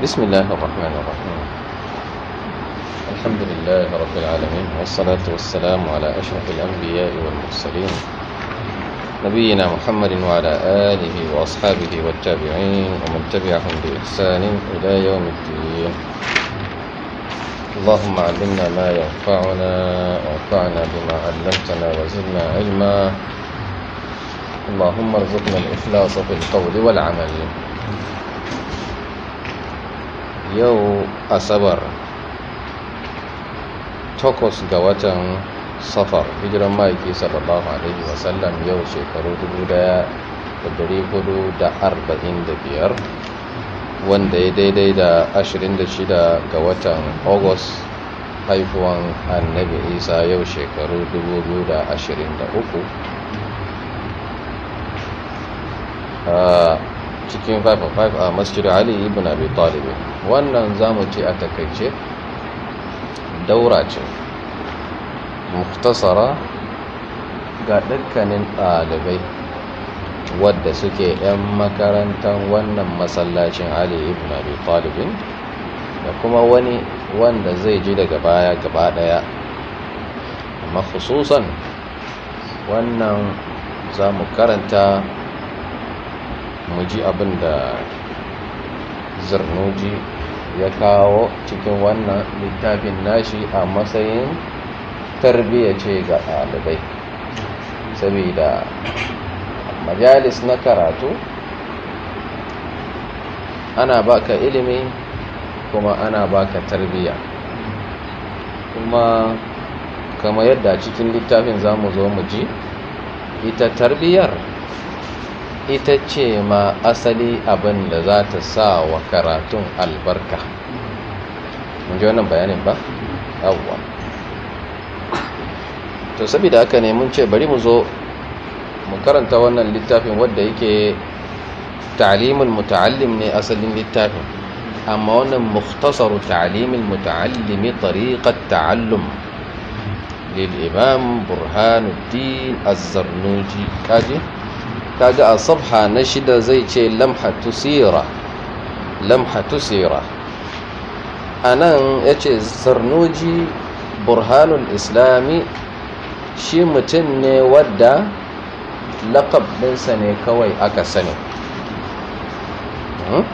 بسم الله الرحمن الرحيم الحمد لله رب العالمين والصلاة والسلام على أشرف الأنبياء والمرسلين نبينا محمد وعلى آله وأصحابه والتابعين ومن تبعهم بإحسان إلى يوم الدين اللهم علمنا ما ينفعنا وانفعنا بما علمتنا وزدنا علما اللهم ارزقنا الإخلاص في القول والعمل yau asabar takwas ga watan safar hijiran ma'aiki sallallahu alaihi wasallam yau shekaru 1445 wanda ya daidai da 26 ga watan agus haifuwan annabi isa yau shekaru 2023 cikin 5-5 a masjid ali ibn abi talib wannan zamu ce a takaice daura ce muktasara ga dukkanin ɗalibai wadda suke 'yan makarantar wannan masallacin ali ibn abi talibin da kuma wani wanda zai ji daga baya gaba daya amma khususan wannan zamu karanta mu ji abin da zurnoji ya kawo cikin wannan littafin nashi a matsayin tarbiyya ce ga ɗalibai saboda majalis na karatu ana baka ilimi kuma ana baka tarbiyya kuma kama yadda cikin littafin zamu zo mu ji ita tarbiyyar ita ce ma asali abin da za ta sa wa karatun albarka mun ji wannan bayanin ba yawwa to saboda aka ne mun ce bari mu zo mu karanta wannan littafin wadda yake ta'alimin muta'allim ne asalin littafin amma wannan mukhtasaru ta'alimin muta'allimi tariqat ta'allum imam burhanuddin الدين الزرنوجي كاجي kaga a sabha na shida zai ce lamhatu tsira a nan ya ce zarnoji burhanul islami shi mutum ne wadda laƙabinsa ne kawai aka sani hmm?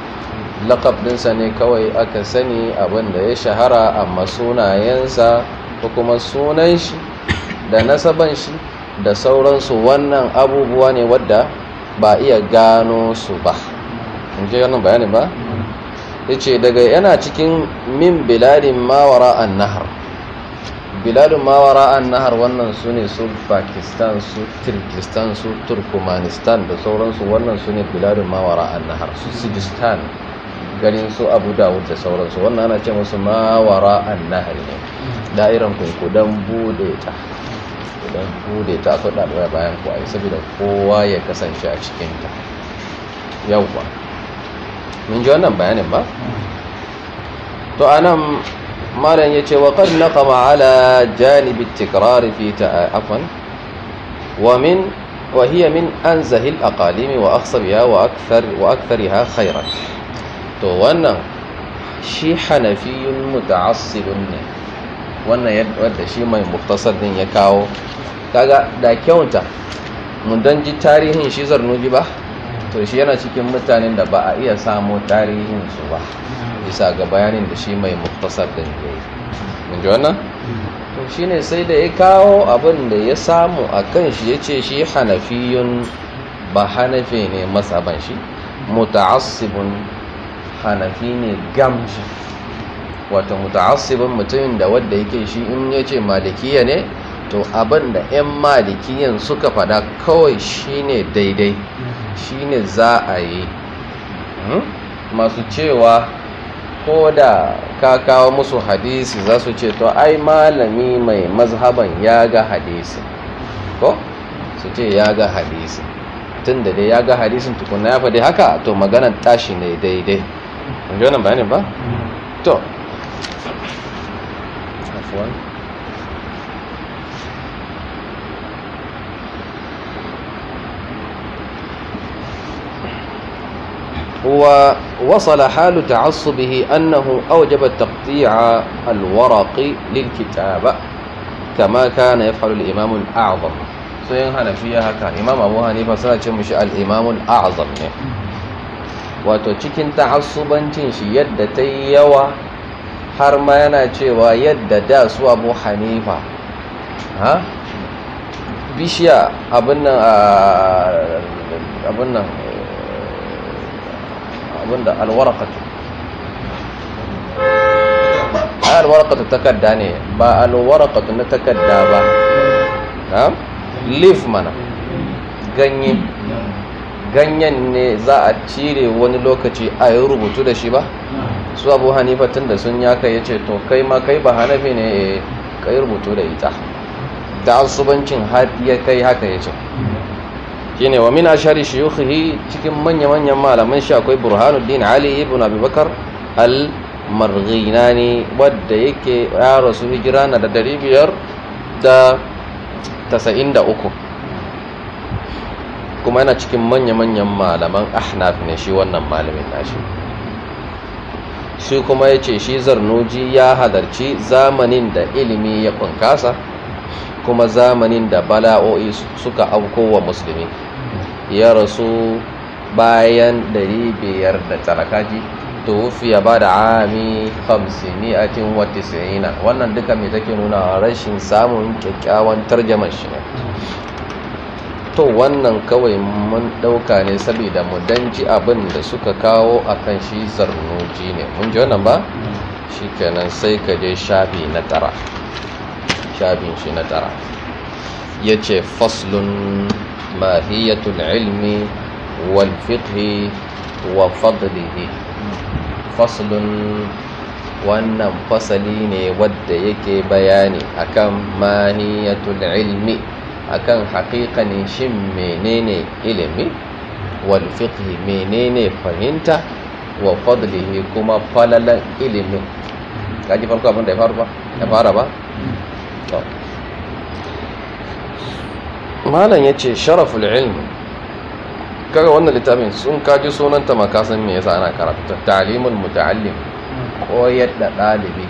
laƙabinsa ne kawai aka sani abinda ya shahara amma sunayensa ko kuma sunan shi da nasaban shi da sauransu wannan abubuwa ne wadda ba a iya gano su ba in ji wannan bayanin ba ce daga yana cikin min biladin mawara an nahar biladin mawara an nahar wannan su ne su pakistan su turkistan su turkmanistan da sauransu wannan su ne biladin mawara an nahar su sidistan ganin su abu dawud da sauransu wannan ana ce musu mawara an nahar ne da'iran kunkudan bude ta ku da ta so da bayan ku a yi saboda kowa ya kasance a cikinta yauwa mun ji wannan bayanin ba to a nan malam ya ce waƙar na kama ala janibi tikirari fi ta afon وهي من أنزه الأقاليم wa وأكثر وأكثرها خيرا to wannan shi hanafiyun muta'assibun ne wannan yadda shi mai muktasar din ya kawo kaga da kyauta mun dan ji tarihin shi zarnuji ba to shi yana cikin mutanen da ba a iya samu tarihin su ba bisa ga bayanin da shi mai muktasar din ya yi mun ji wannan to shine sai da ya kawo abin da ya samu a kan shi yace shi hanafiyun ba hanafi ne masaban shi muta'assibun hanafi ne gamshi wato muta'assibin mutumin da wanda yake shi in yace malikiya ne to abin da 'yan malikiyan suka fada kawai shine daidai shine za a yi hmm? masu cewa ko da ka kawo musu hadisi za su ce to ai malami mai mazhaban ya ga hadisi ko su ce ya ga hadisi tun da dai ya ga hadisin tukuna ya faɗi haka to maganan tashi ne daidai ba? Hmm. to عفوا هو وصل حال تعصبه أنه أوجب تقطيع الورق للكتابة كما كان يفعل الإمام الأعظم سين حنفية هكا إمام أبو حنيفة سنة مش الإمام الأعظم wato cikin ta'assubancin shi yadda ta har ma yana cewa yadda da su abu hanifa ha bishiya abin nan abin nan abin a alwarakatu alwarakatu takarda ne ba alwarakatu na takarda ba ha leaf mana ganye ganyen ne za a cire wani lokaci a yi rubutu da shi ba su abu hanifa tun da sun yaka ya ce to kai ma kai ba hanafi ne ya eh, kai rubutu da ita da asubancin ya kai haka ya ce ne wa min ashari shuyukhihi cikin manya-manyan malaman shi akwai burhanuddin ali ibn abubakar al ne wadda yake ya rasu hijira na da dari biyar da tasa'in uku kuma yana cikin manya-manyan malaman ahnaf ne shi wannan malamin nashi shi kuma ya ce shi zarnoji ya halarci zamanin da ilimi ya bunkasa kuma zamanin da bala'o'i suka auko wa musulmi ya rasu bayan 500 da tarakaji ya ba da ami 590 wannan duka mai take nuna rashin samun kyakkyawan tarjaman shi ne to wannan kawai mun ɗauka ne saboda mu danji abin da suka kawo akan shi zarnoji ne mun ji wannan ba shi sai ka je shafi na tara shafin shi na tara ya ce faslun mahiyatul ilmi wal fiqhi wa fadlihi faslun wannan fasali ne wadda yake bayani akan mahiyatul ilmi akan haƙiƙanin shin menene ilimi wal menene fahimta wa fadlihi kuma falalan ilimin kaji farko abin da ya fara ba ya fara yace sharaful ilmi kaga wannan littafin sun kaji sunan ta makasan me yasa ana karatu ta'limul muta'allim koyar da dalibi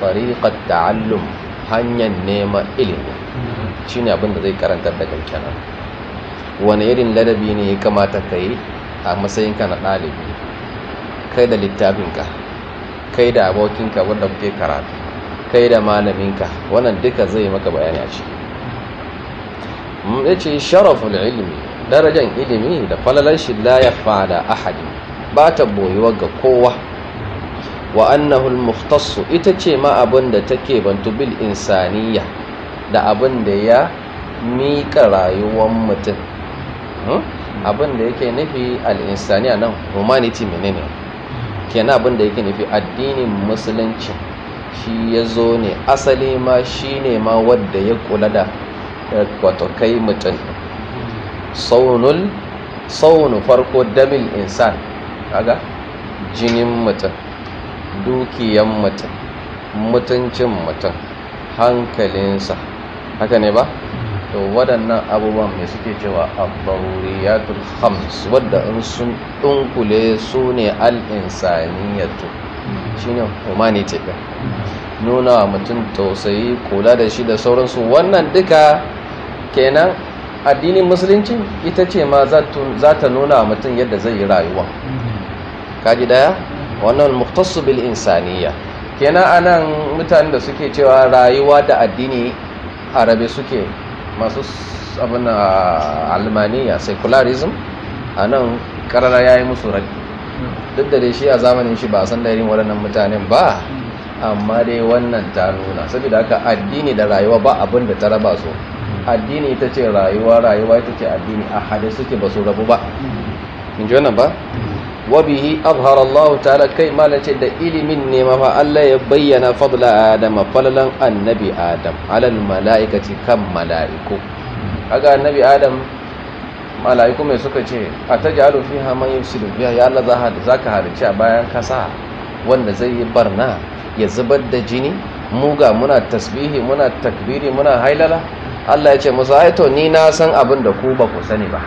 tariqat ta'allum hanyar neman ilimi shine abin da zai karantar da kenan wani irin ladabi ne ya kamata ka yi a matsayinka na ɗalibi kai da littafinka kai da abokinka wanda kuke karatu kai da malaminka wannan duka zai maka bayani a ciki ya ce sharaful ilimi darajan ilimi da falalar shi la ya fada ahadi ba ta boyuwa ga kowa wa annahu al ita ce ma abinda da take bantu bil insaniya da abin da ya miƙa rayuwar mutum hmm? abin da yake nufi al'insaniya nan humanity menene kena abin da yake nufi addinin musulunci shi ya zo ne asali ma shi ne ma wadda ya kula da wato kai mutum saunul farko damil insan kaga jinin mutum dukiyan mutum mutuncin mutum hankalinsa haka ne ba to waɗannan abubuwan mai suke cewa abbauriyatul khams wadda in sun dunkule su ne al'insaniyatu shine humanity din nuna wa mutum tausayi kula da shi da sauransu wannan duka kenan addinin musulunci ita ce ma za ta nuna wa mutum yadda zai yi rayuwa kaji daya wannan muktasu bil insaniya kenan anan mutanen da suke cewa rayuwa da addini Arabe suke masu abin ah, almaniya ah, secularism a nan karara ya yi musu rabi duk da shi a zamanin shi ba san da irin waɗannan mutanen ba amma dai wannan ta nuna saboda haka addini da rayuwa ba abin da ta raba su addini ita ce rayuwa rayuwa ita ce addini a hade suke ba su rabu ba in ji wannan ba wabihi abhar Allah ta'ala kai malace da ilimin ne ma Allah ya bayyana fadla Adam falalan annabi Adam alal mala'ikati kan mala'iku kaga annabi Adam mala'iku mai suka ce atajalu fiha man yufsidu biha ya Allah za ka halice a bayan kasa wanda zai yi barna ya zubar da jini muga muna tasbihi muna takbiri muna hailala Allah ya ce musa aito ni na san abin da ku ba ku sani ba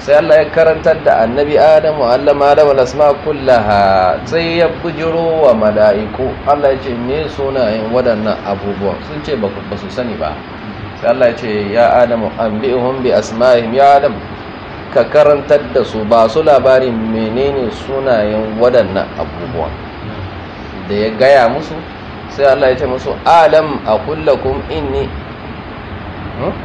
sai Allah ya karantar da annabi Adamu allama Adamu lasma kullaha sai ya bujiro wa mala'iku Allah ya ce me sunayen waɗannan abubuwan sun ce ba su sani ba sai Allah ya ce ya Adamu an bi asma'ihim ya Adam ka karantar da su ba su labarin menene sunayen waɗannan abubuwan da ya gaya musu sai Allah ya ce musu Adam a kullakum inni hmm?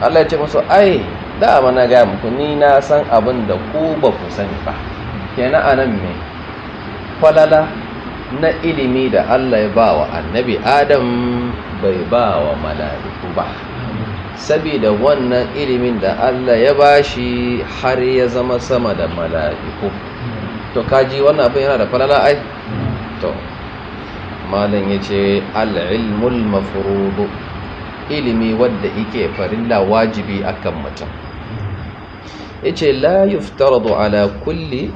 Allah ya ce musu ai dama na gaya muku ni na san abin da ku ba ku sani ba kenan a nan mai falala na ilimi da Allah ya ba wa annabi adam bai ba wa mala'iku ba saboda wannan ilimin da Allah ya ba shi har ya zama sama da mala'iku to kaji wannan abin yana da falala ai to malam ya ce al'ilmul mafurudu ilimi wadda ike farilla wajibi akan mutum ya ce la yuftaradu ala kulli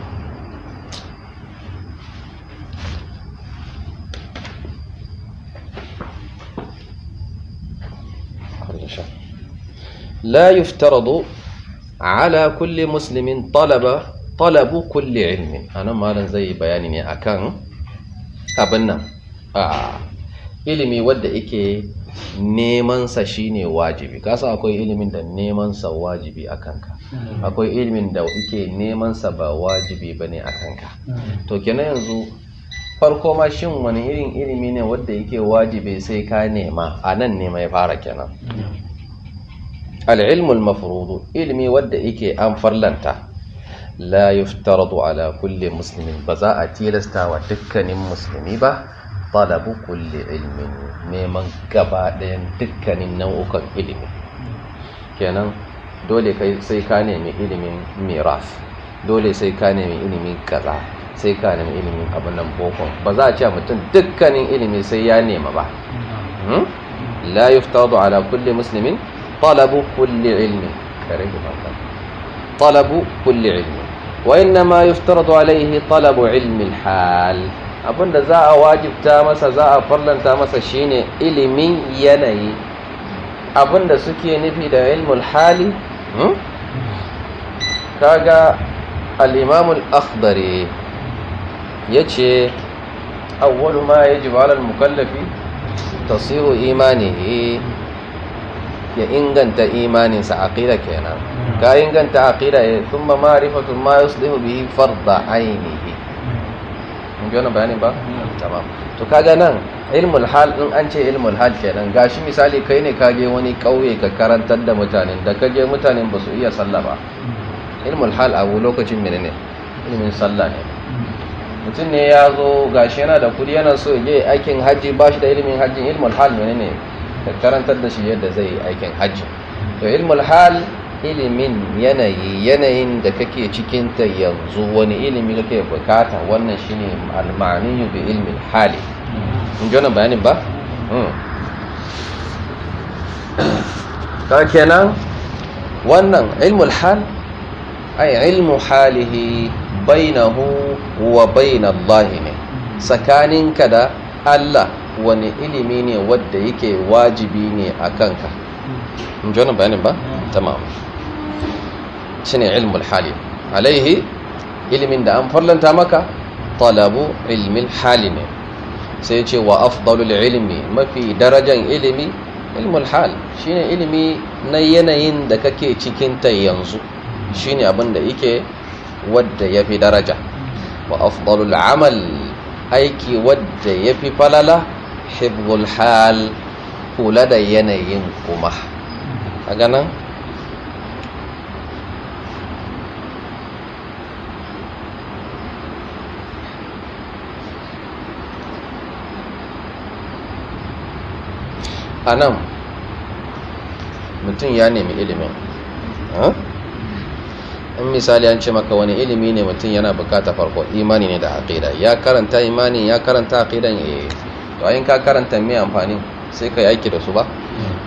لا يفترض على كل مسلم طلب طلب كل علم انا malam zai bayani ne akan abin nan ilimi wanda yake neman sa shine wajibi kasa akwai ilimin da neman sa wajibi akan ka akwai ilimin da yake neman sa ba wajibi bane a kanka hmm. to kenan yanzu farko ma shin wani irin ilimi ne wanda yake wajibi sai ka nema anan nan ne mai fara kenan hmm. al-ilmul mafruḍ ilmi wanda yake an farlanta la yuftaradu ala kulli muslimin ba za a tilasta wa dukkanin musulmi ba talabu kulli ilmin neman gaba ɗayan dukkanin nau'ukan ilimi hmm. kenan dole sai ka nemi ilimin miras dole sai ka nemi ilimin kaza sai ka nemi ilimin abin nan bokon ba za a ce mutum dukkanin ilimi sai ya nema ba la yuftadu ala kulli muslimin talabu kulli ilmi kare ki banka talabu kulli ilmi wa innama yuftaradu alaihi talabu ilmi alhal abinda za a wajibta masa za a farlanta masa shine ilimin yanayi abinda suke nufi da ilmul hali Hmm? kaga ga imam ya ce yace awwal ma yajibu 'ala al-mukallafi tasihu imani ya inganta imaninsa aqida kenan hmm. ka inganta aqida ya eh, ma'rifatu ma yuslihu bihi farda ainihi hmm. mun ji bayanin ba tamam to kaga nan ilmul hal in an ce ilmul hal kenan gashi misali kai ne kage wani kauye ka karantar da mutanen da kage mutanen ba su iya sallah ba ilmul hal abu lokacin menene ilmin sallah ne mutum ne ya zo gashi yana da kudi yana so je aikin hajji ba shi da ilmin hajji ilmul hal menene ka karantar da shi yadda zai yi aikin hajji, to ilmul hal ilimin yanayi yanayin da kake cikinta yanzu wani ilimi kake bukata wannan shine almaniyu bi ilmin hali in ji wannan bayanin ba? ta hmm. kenan wannan ilmul hal ai ilmu halihi bainahu wa bainallahi ne tsakaninka da Allah wani ilimi ne wadda yake wajibi ne a kanka in ji wannan bayanin ba? Hmm. tamam shine ilmul halim alaihi ilimin da an farlanta maka talabu ilmin ne sai ce wa afdalul ilmi mafi darajan ilimi ilmul hal shine ilimi na yanayin da kake cikin ta yanzu shine abin da yake wadda yafi daraja wa afdalul amal aiki wadda yafi falala hibdul hal kula da yanayin kuma a ganin a nan mutum ya nemi ilimin in misali an ce maka wani ilimi ne mutum yana bukata farko imani ne da aƙida ya karanta imani ya karanta aƙidan ya eh. to ayin ka karanta mai amfani sai ka yaki aiki da su ba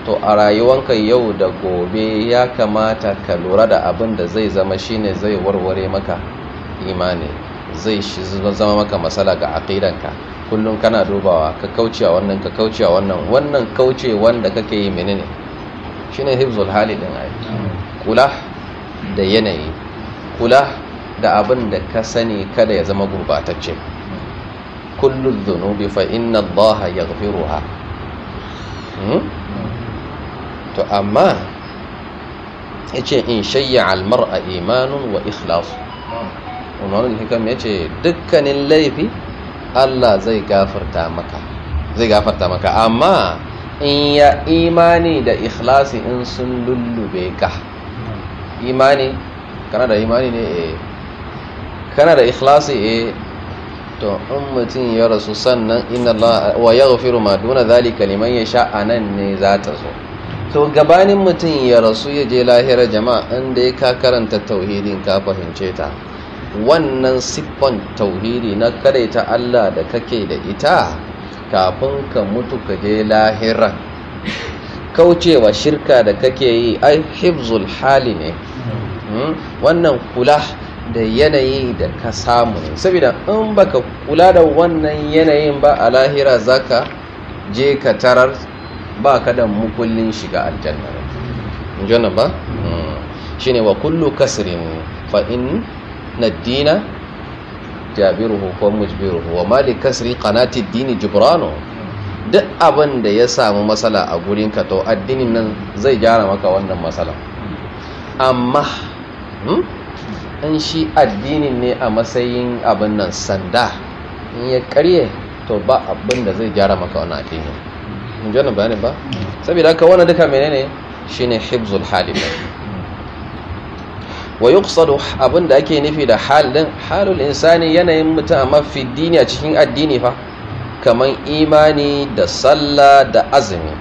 to a rayuwanka yau da gobe ya kamata ka lura da abin da zai zama shine zai warware maka imani zai zama maka matsala ga aƙidanka kullum kana dubawa ka kaucewa wannan ka kaucewa wannan wannan kauce wanda kake yi menene shine hibzul hali din ai kula da yanayi kula da abin da ka sani kada ya zama gurbatacce kullu dhunubi fa inna allaha yaghfiruha hmm? to amma yace in shayya al mar'a imanun wa ikhlas wannan hikam yace dukkanin laifi Allah zai gafarta maka zai gafarta maka amma in ya imani da ikhlasi in sun lullube ka imani kana da imani ne eh kana da ikhlasi eh to in mutum ya rasu sannan inna Allah wa yaghfiru ma duna zalika liman yasha anan ne za ta zo to gabanin mutum ya rasu ya je lahira jama'a inda ya ka karanta tauhidin ka fahimce ta wannan siffan tauhidi na ta Allah da kake da ita kafin ka mutu ka je lahira kaucewa shirka da kake yi ai hibzul hali ne hmm? wannan kula da yanayi da ka samu ne saboda in baka kula da wannan yanayin ba a lahira zaka je ka tarar ba ka da mukullin shiga aljanna ba hmm. shine wa kullu kasrin fa in inna ad-dina jabiruhu ko mujbiruhu wa mali kasri qanati dini jibrano duk abin da ya samu matsala a gurin ka to addinin nan zai gyara maka wannan matsala amma hmm? in shi addinin ne a matsayin abin nan sanda in ya karye to ba abin da zai gyara maka wannan addinin. mun ji wannan bayanin ba mm. saboda haka wannan duka menene shine hibzul halifai wa abin abinda ake nufi da halin halin insani yanayin mutum a mafi dini a cikin addini fa kaman imani da sallah da azumi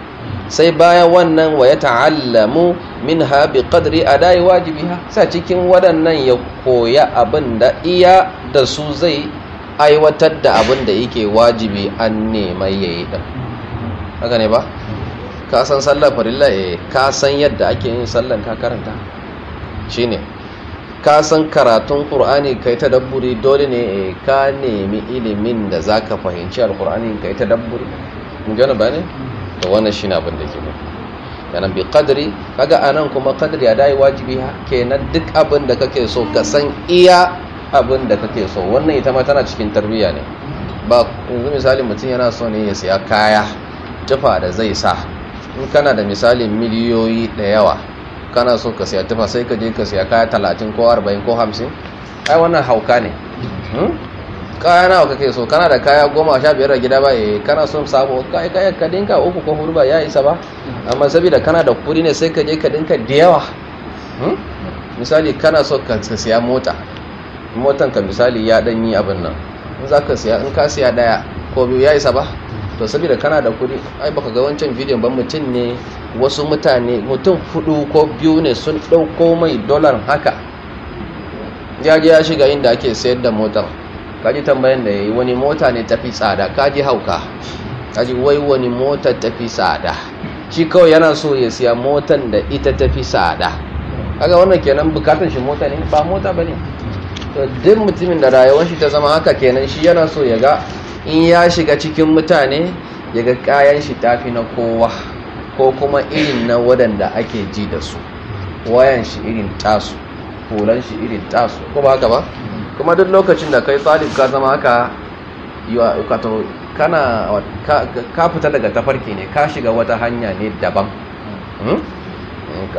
sai bayan wannan wa ya ta'allamu minha a dayi wajibi ha? sai cikin waɗannan ya koya da iya da su zai aiwatar da abinda yake wajibi an nema yayi din haka ne ba ka san sallar farilla eh, ka san yadda ake yin sallan ka karanta shine ka san karatun ƙur'ani kai ta dabburi dole ne eh, ka nemi ilimin da za ka fahimci alƙur'ani kai ta dabburi gani ba ne da wannan shi na abin da ke yanan bi kadiri kaga a nan kuma kadiri ya dai wajibi Ke na duk abin da kake so ka san iya abin da kake so wannan ita ma tana cikin tarbiyya ne ba yanzu misali mutum yana so ne ya siya kaya tufa da zai sa in kana da misali miliyoyi da yawa kana so ka siya tufa sai ka je ka siya kaya talatin ko arba'in ko hamsin ai wannan hauka ne hmm? kaya nawa kake so kana da kaya goma sha biyar a gida ba eh kana so samu kai kaya ka dinka uku ko hudu ba ya isa ba amma saboda kana da kuri ne sai ka je ka dinka da yawa hmm? misali kana so ka siya mota motan ka misali ya danyi abin nan in za ka siya in ka siya daya ko biyu ya isa ba to saboda kana da kuɗi ai baka ga wancan bidiyon ba mutum ne wasu mutane mutum hudu ko biyu ne sun ɗauko mai dolar haka ya ya shiga inda ake sayar da motar kaji tambayan da yayi wani mota ne tafi tsada kaji hauka kaji wai wani mota tafi tsada shi kawai yana so ya siya motan da ita tafi tsada kaga wannan kenan bukatun shi mota ne ba mota bane to duk mutumin da rayuwar shi ta zama haka kenan shi yana so ya ga in ya shiga cikin mutane yaga kayan shi tafi na kowa ko kuma irin na waɗanda ake ji da su wayan shi irin tasu hulan shi irin tasu ko ba haka ba kuma duk lokacin da kai tsalib ka zama haka kana ka fita daga tafarki ne ka shiga wata hanya ne daban hmm?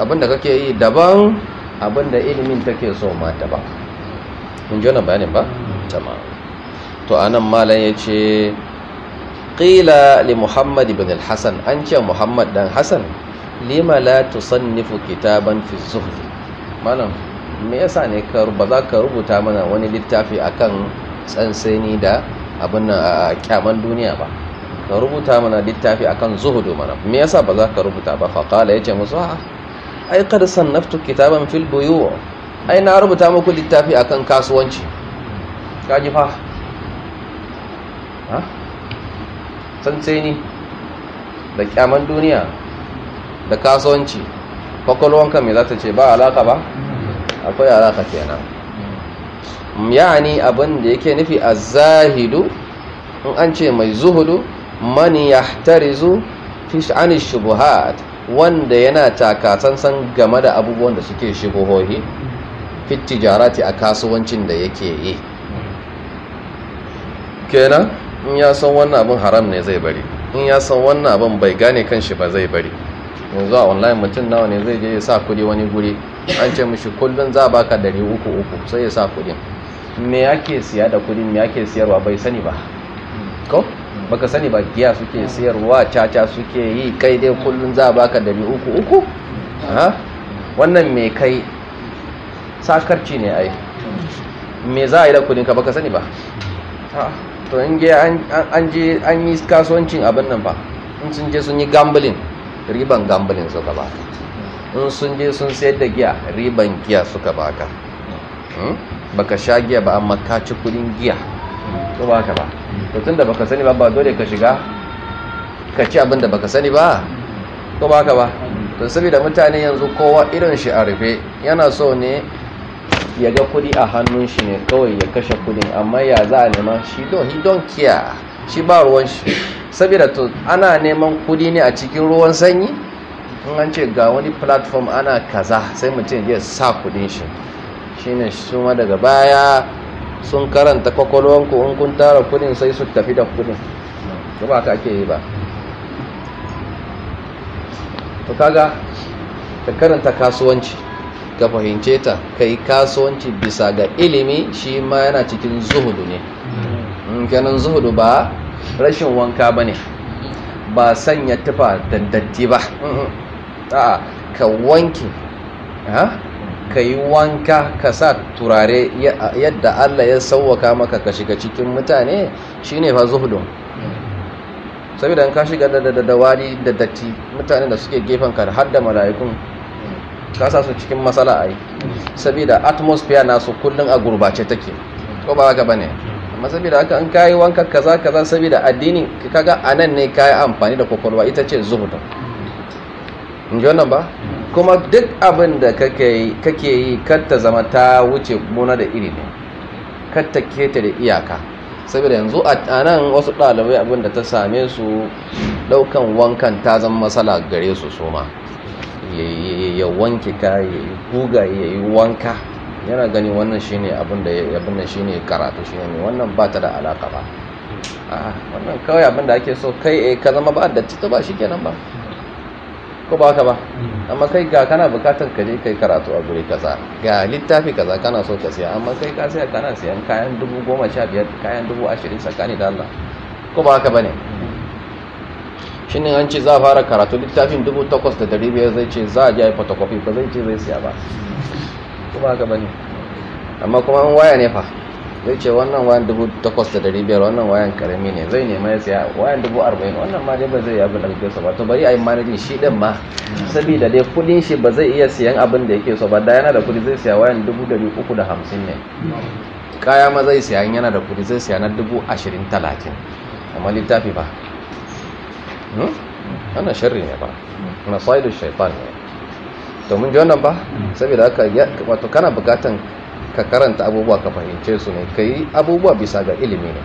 abinda kake yi daban abinda ilimin take so ma daban kun ji wani bayanin ba? tamam hmm. to anan malam ya ce ƙila li muhammad ibn al-hassan an ce muhammad dan hassan lima la tusannifu kitaban fi zuhri malam me yasa ne ka ba za ka rubuta mana wani littafi akan tsantseni da abin a kyaman duniya ba ka rubuta mana littafi akan zuhudu mana me yasa ba za ka rubuta ba faqala yace musu a ah, ai qad sannaftu kitaban fil buyu ai na rubuta muku littafi akan kasuwanci kaji fa tsantseni da kyaman duniya da kasuwanci kwakwalwanka mai za ta ce ba alaka ba akwai alaka kenan yani abin da yake nufi a zahidu in an ce mai zuhudu mani ya tarizu fi sha'anin shubuhat wanda yana takasansan game da abubuwan da suke shigohohi fit tijarati a kasuwancin da yake yi kenan in ya san wannan abin haram ne zai bari in ya san wannan abin bai gane kan shi ba zai bari yanzu a online mutum nawa ne zai je ya sa kudi wani guri an ce mishi kullum za a baka dari uku uku sai ya sa kudi me ke siya da kudi me ake siyarwa bai sani ba ko baka sani ba giya suke siyarwa caca suke yi kai dai kullum za a baka dari uku uku wannan me kai sakarci ne ai me za a yi da kudin ka baka sani ba to in ga an je an yi kasuwancin abin nan ba in sun je sun yi gambling riban gambling suka baka in sun je sun sayar da giya riban giya suka baka hmm? baka sha giya ba amma ka ci kudin giya to baka ba to tunda baka sani ba ba dole ka shiga ka ci abin da baka sani ba to baka ba to saboda mutane yanzu kowa irin shi a rufe yana so ne ya ga kudi a hannun shi ne kawai ya kashe kudin amma ya za a nema shi don he don care shi ba ruwan shi saboda to ana neman kudi ne a cikin ruwan sanyi in an ce ga wani platform ana kaza sai mutum ya sa kudin shi shine su ma daga baya sun karanta kwakwalwanku in kun tara kudin sai su tafi da kudin ba ba ka ake yi ba to kaga ta karanta kasuwanci ka fahimce ta kai kasuwanci bisa ga ilimi shi ma yana cikin zuhudu ne ganin hmm. zuhudu ba rashin wanka ba ne ba sanya tufa da datti ba hmm. a ka wanki ka yi wanka ka sa turare yadda Allah ya sauwaka maka ka shiga cikin mutane shi ne fa zuhudun hmm. saboda ka shiga da dawari da datti mutane da suke gefen ka har da mala'ikun ka su cikin matsala a yi saboda atmosphere nasu kullum a gurbace take ko ba haka bane amma saboda haka an kayi wanka kaza kaza saboda addini kaga anan ne kayi amfani da kwakwalwa ita ce zuhudu in ji wannan ba kuma duk abin da kake yi katta zama ta wuce gona da iri ne katta keta da iyaka saboda yanzu a nan wasu ɗalibai abin da ta same su ɗaukan wankan ta zama matsala gare su suma. ya wanke ka, ya yi guga ya yi wanka yana gani wannan shine abin da abin nan shine karatu shine wannan ba ta da alaka ba a wannan kawai abin da ake so kai eh ka zama ba da tita ba shikenan ba ko ba ka ba mm. amma kai ga kana bukatar ka je kai karatu a guri kaza ga littafi kaza kana so ka siya amma kai ka siya kana siyan kayan dubu goma sha biyar kayan dubu ashirin tsakani da Allah ko ba ka ba ne? Mm. shi ne an ce za a fara karatu littafin 8,500 zai ce za a ji a yi ba zai ce zai siya ba kuma haka ba ne amma kuma an waya ne fa zai ce wannan wayan 8,500 wannan wayan karami ne zai nema ya siya wayan 40,000 wannan ma dai ba zai yabi ɗarfinsa ba to bari a yi manajin shi din ma saboda dai kudin shi ba zai iya siyan abin da yake so ba da yana da kudi zai siya wayan 350 ne kaya ma zai siya yana da kudi zai siya na 20,000 amma littafi ba Hmm? Ana sharri ne ba masailu shaitan ne to mun ji wannan ba saboda haka wato kana bukatan ka karanta abubuwa ka fahimce su ne kai abubuwa bisa ga ilimi ne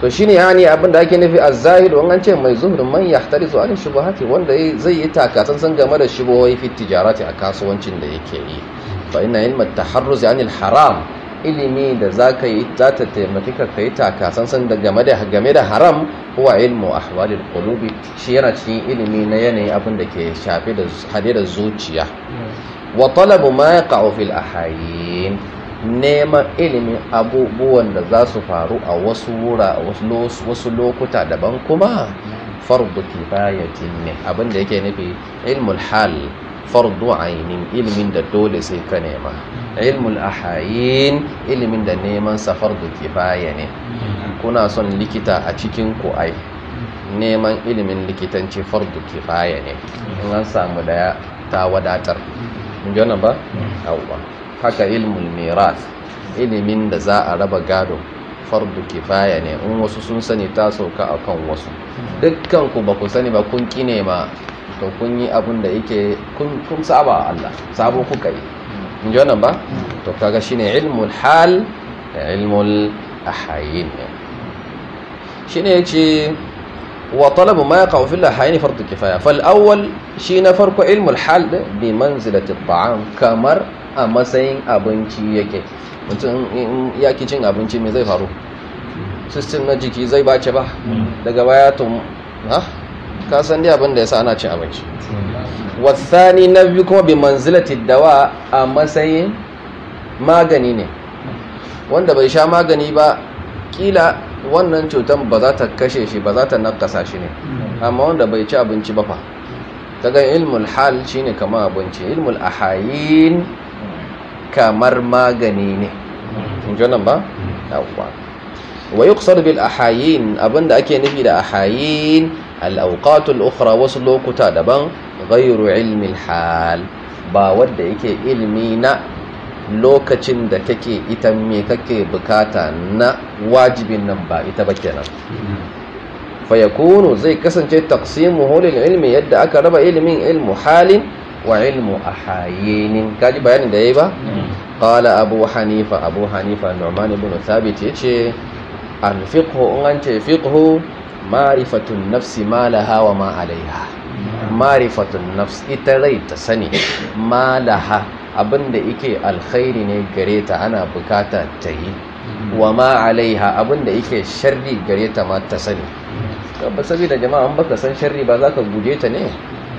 to shine yani abin da ake nufi az-zahid wannan ce mai zuhurin man yahtarizu an shubuhati wanda zai yi takasan san game da shubuhoyi fi tijarati a kasuwancin da yake yi fa ina yin at haram ilimi da za ka yi za ta taimaki ka kai takasansan sansan game da haram huwa ilmu a hawalin kolobi shi yana cikin ilimi na yanayin abinda ke shafi da hade zuciya hmm. wa talabu ma ofil a hayin neman ilimin abubuwan da za su faru a wasu wura wasu lokuta daban kuma hmm. farbuki kifayatin ne abin da yake nufi ilmul hal fardu ainin ilimin da dole sai ka nema ilmul ahayin ilimin da neman sa fardu kifaya ne kuna son likita a cikin ku neman ilimin likitanci fardu kifaya ne in an samu daya ta wadatar ji ba yawwa haka ilmul miras ilimin da za a raba gado fardu kifaya ne in wasu sun sani ta sauka a kan wasu dukkan ku ba ku sani ba kun kine ma to kun yi abin da yake kun saba Allah sabo ku kai in ji wannan ba to kaga shine ilmul hal da ilmul ahayin shine yace wa talabu ma yaqa fi al-ahayin fardu kifaya fal awwal shi na farko ilmul hal bi manzilati at-ta'am kamar a matsayin abinci yake mutum ya ki cin abinci me zai faru system na jiki zai bace ba hmm. daga baya to ha ka san dai abin da yasa ana cin abinci hmm. wasani na biyu kuma bi manzilati dawa a matsayin magani ne wanda bai sha magani ba kila wannan cutan ba za ta kashe shi ba za ta nakasa shi ne hmm. amma wanda bai ci abinci ba fa daga ilmul hal shine kamar abinci ilmul ahayin kamar magani ne in hmm. ba yawwa wa yuqsad bil ahayin abinda ake nufi da ahayin al'auƙatul ukra wasu lokuta daban gairu ilmi hal ba wadda yake ilmi na lokacin da kake ita me kake bukata na wajibin nan ba ita ba kenan fayakunu zai kasance taqsimu hulil ilmi yadda aka raba ilmin ilmu halin wa ilmu ahayinin kaji bayanin da yayi ba qala abu hanifa abu hanifa nu'man ibn thabit yace al fiqhu in an ce fiqhu marifatun nafsi ma laha wa ma alaiha marifatun nafsi ita rai ta sani ma laha abinda yake alkhairi ne gare ta ana bukata ta yi wa ma alaiha abinda yake sharri gare ta ma ta sani ba saboda jama'a an baka san sharri ba za ka guje ta ne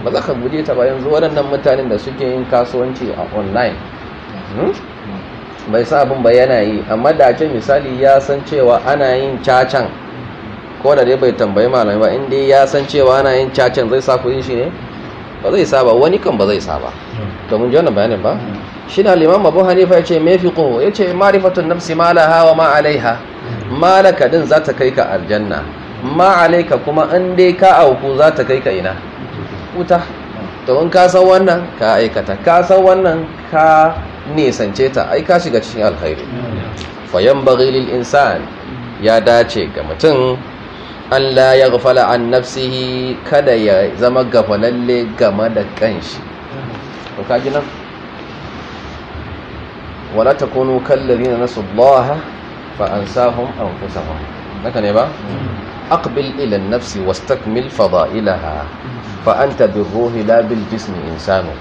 ba za ka guje ta ba yanzu waɗannan mutanen da suke yin kasuwanci a online hmm? bai sa abin ba yana yi amma da ake misali ya san cewa ana yin cacan ko da dai bai tambayi malami ba inda ya san cewa ana yin cacin zai sa kudin shi ne ba zai sa ba wani kan ba zai sa ba hmm. domin ji bayanin ba hmm. shi na liman mabu hanifa ya ce me fi ya ce marifatun nafsi ma la hawa ma alaiha hmm. la din za ta kai ka aljanna ma alaika kuma in dai ka auku za ta kai ka ina wuta domin ka san wannan ka aikata ka san wannan ka nisance ta ai ka shiga cikin alkhairi fayan bagilil insan ya dace ga mutum an la ya gafala an nafsihi kada ya zama gafalalle game da kanshi to kaji nan wala takunu kallazina nasullaha fa ansahum anfusahum haka ne ba aqbil ila nafsi wastakmil fada'ilaha fa anta birruhi la bil jismi insanu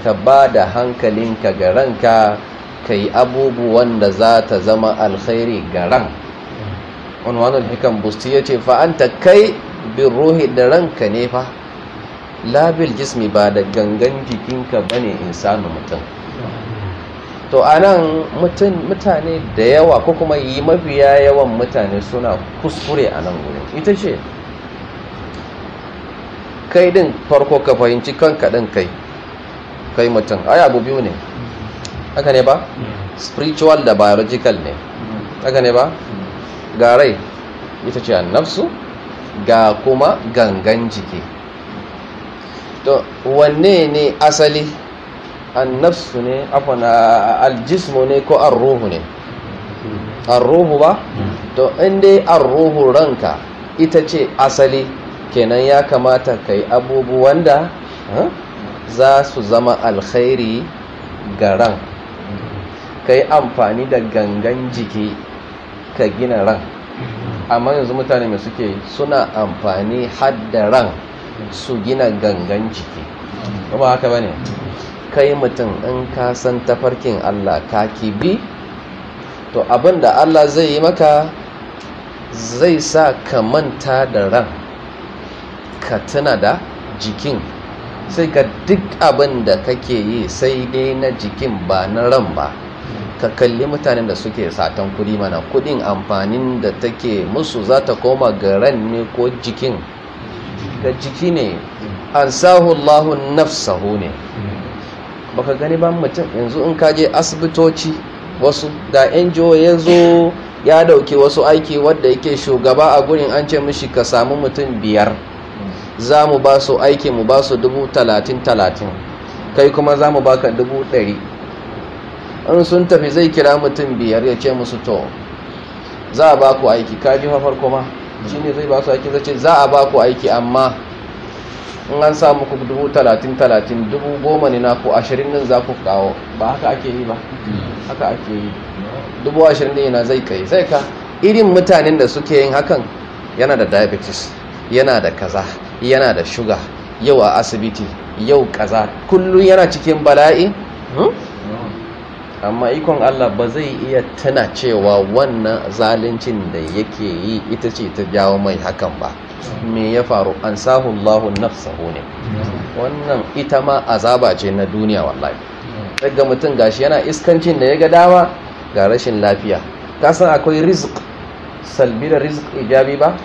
ka bada hankalinka ga ranka kai abubuwan da za ta zama alkhairi ga ranka unwanul hikam busti ya ce fa'anta kai bin ruhi da ranka ne fa labil jismi ba da gangan jikinka ba ne insanu mutum to a nan mutane da yawa ko kuma yi mafiya yawan mutane suna kuskure a nan wurin ita ce kai din farko ka fahimci kanka din kai kai mutum ai abu biyu ne haka ne ba hmm. spiritual da biological ne hmm. haka ne ba hmm. ga rai ita ce annafsu ga kuma gangan jiki to wanne ne asali annafsu ne afana aljismu ne ko arruhu ne arruhu ba to inda arruhu ranka ita ce asali kenan ya kamata ka yi abubuwan da za su zama alkhairi ga ran yi amfani da gangan jiki ka gina ran amma yanzu mutane mai suke suna amfani hadda ran su gina gangan jiki kuma haka bane kai mutum in ka san tafarkin Allah ka kibi to abinda Allah zai yi maka zai sa ka manta da ran ka tuna da jikin sai ka duk abin da kake yi sai dai na jikin ba na ran ba ka kalli mutanen da suke satan kudi mana kudin amfanin da take musu za ta koma ga ran ne ko jikin ga jiki ne an sahullahu nafsahu ne ka gani ba mutum yanzu in kaje asibitoci wasu da ngo ya zo ya dauke wasu aiki wadda yake shugaba a gurin an ce mishi ka samu mutum biyar za mu ba su aiki mu ba su dubu talatin talatin kai kuma za mu baka dubu ɗari in sun tafi zai kira mutum biyar ya ce musu to za a ba ku aiki kaji fa kuma hmm. shi ne zai ba su aiki zai ce za a ba ku aiki amma in an samu ku dubu talatin talatin dubu goma ne na ku ashirin nan za ku kawo ba haka ake yi ba hmm. haka ake yi dubu ashirin ne na zai kai zai ka irin mutanen da suke yin hakan yana da diabetes yana da kaza yana da shuga yau a asibiti yau kaza kullum yana cikin bala'i hmm? amma ikon Allah ba zai iya tana cewa wannan zalincin da yake yi ita ce ta jawo mai hakan ba me ya faru an sahu Allahun nafsahu ne wannan ita ma azaba ce na duniya wallahi daga mutum gashi yana iskancin da ya ga dama ga rashin lafiya kasan akwai rizq salbi da rizq ijabi ba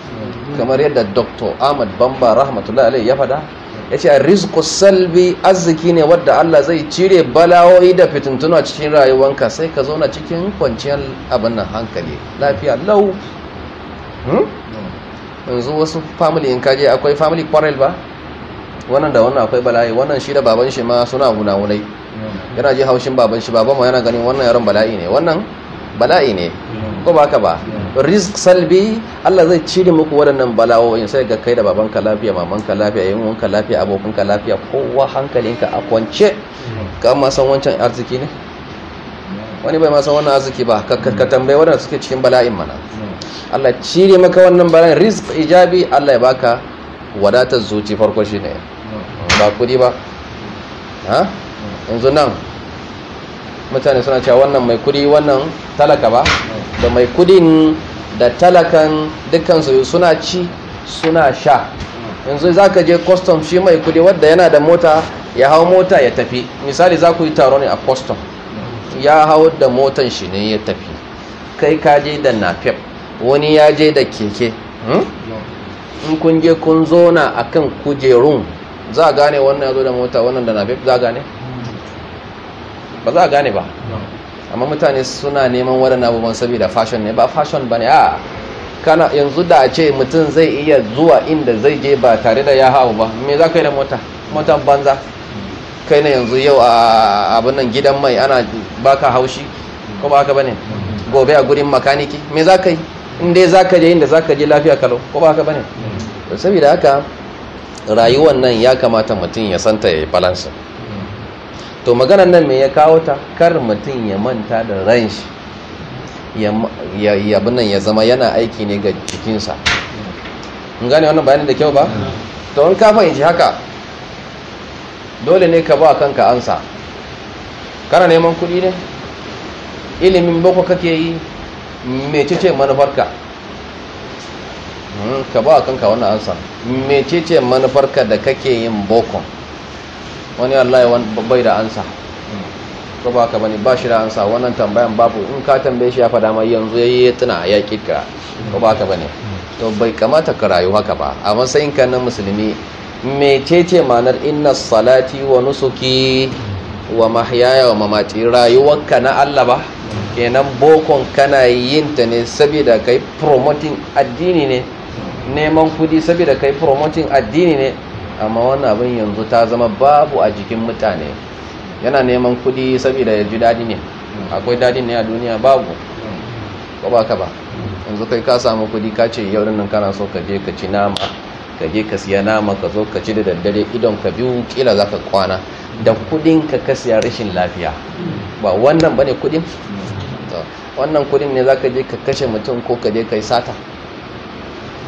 kamar yadda dr ahmad bamba rahmatullahi ya fada ya ce rizku salbi arziki ne wadda Allah zai cire bala'o'i da fitintuna cikin rayuwanka sai ka zauna cikin kwanciyar abin nan hankali lafiya lau hmm? yanzu wasu family in kaje akwai family quarrel ba wannan da wannan akwai bala'i wannan shi da baban shi ma suna hunahunai yana ji haushin baban shi baban ma yana ganin wannan yaron bala'i ne wannan bala'i ne ko ba ka ba rizq salbi Allah zai cire muku waɗannan bala'o'in sai ga kai da babanka lafiya mamanka lafiya wanka lafiya abokanka lafiya kowa hankalinka a kwance ka ma san wancan arziki ne wani bai ma san wannan arziki ba ka tambaye waɗanda suke cikin bala'in mana Allah cire maka wannan bala'in rizq ijabi Allah ya baka wadatar zuci farko shine ba kudi ba ha yanzu nan mutane suna cewa wannan mai kudi wannan talaka ba da mai kudin da talakan dukansu suna ci suna sha yanzu za ka je kwastom shi mai kudi wadda yana da mota ya hau mota ya tafi misali za ku yi taro ne a kwastom ya hau da motan shi ne ya tafi kai ka je da napep wani ya je da keke hmm? in kun je kun zona akan kujerun za gane wannan ya zo da mota wannan da napep za gane ba za a gane ba amma mutane suna neman waɗannan abubuwan saboda fashion ne ba fashion ba ne a kana yanzu da a ce mutum zai iya zuwa inda zai je ba tare da ya hau ba me za ka yi da mota motan banza kai na yanzu yau a abin nan gidan mai ana baka haushi ko ba haka ne? gobe a gurin makaniki me za ka yi inda za ka je inda za ka je lafiya kalau ko ba haka ne? Mm. saboda haka rayuwar nan ya kamata mutum ya santa ya yi balansa to maganan nan mai ya kawo ta kar mutum ya manta da ran shi ya binan ya zama yana aiki ne ga jikinsa in gane wannan bayanin da kyau ba to in ka fahimci haka dole ne ka ba kanka ansa kana neman kuɗi ne ilimin boko kake yi mecece manufarka hmm, ka ba kanka wannan ansa mecece manufarka da kake yin boko? wani wallahi bai da ansa ko ba ka bane ba shi da ansa wannan tambayan babu in ka tambaye shi ya fada mai yanzu yi ya tuna ya kika ko ba ka bane to bai kamata ka rayu haka ba a matsayin ka na musulmi mecece ma'anar inna salati wa nusuki wa mahyaya wa mamati rayuwarka na Allah ba kenan bokon kana yin ta ne saboda kai promoting addini ne neman kudi saboda kai promoting addini ne amma wannan abin yanzu ta zama babu a jikin mutane yana neman kudi saboda ya ji dadi ne akwai dadi ne a duniya babu ko ba ka ba yanzu kai ka samu kudi ka ce yau nan kana so ka je ka ci nama ka je ka siya nama ka zo ka ci da daddare idon ka biyu kila za ka kwana da kudin ka ka siya rashin lafiya ba wannan ba ne kudin wannan kudin ne za ka je ka kashe mutum ko ka je ka yi sata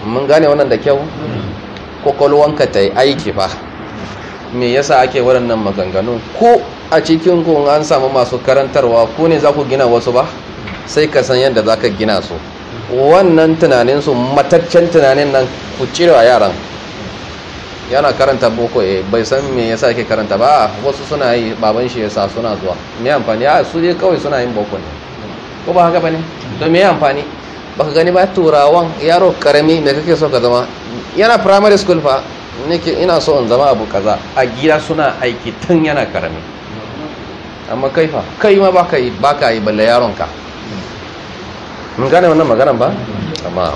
mun gane wannan da kyau kwakwalwanka ta yi aiki ba me yasa ake waɗannan maganganu ko a cikin kun an samu masu karantarwa ko ne za ku gina wasu ba sai ka san yadda za ka gina su wannan tunanin su mataccen tunanin nan ku cirewa yaran yana karanta boko eh bai san me yasa ke karanta ba wasu suna yi baban shi yasa suna zuwa me amfani ya su dai kawai suna yin boko ne ko ba haka bane to me amfani baka gani ba turawan yaro karami me kake so ka zama yana primary school fa nake ina so in zama abu kaza a gida suna aiki tun yana karami amma kai fa kai ma baka yi baka yi balle yaronka mun gane wannan maganan ba amma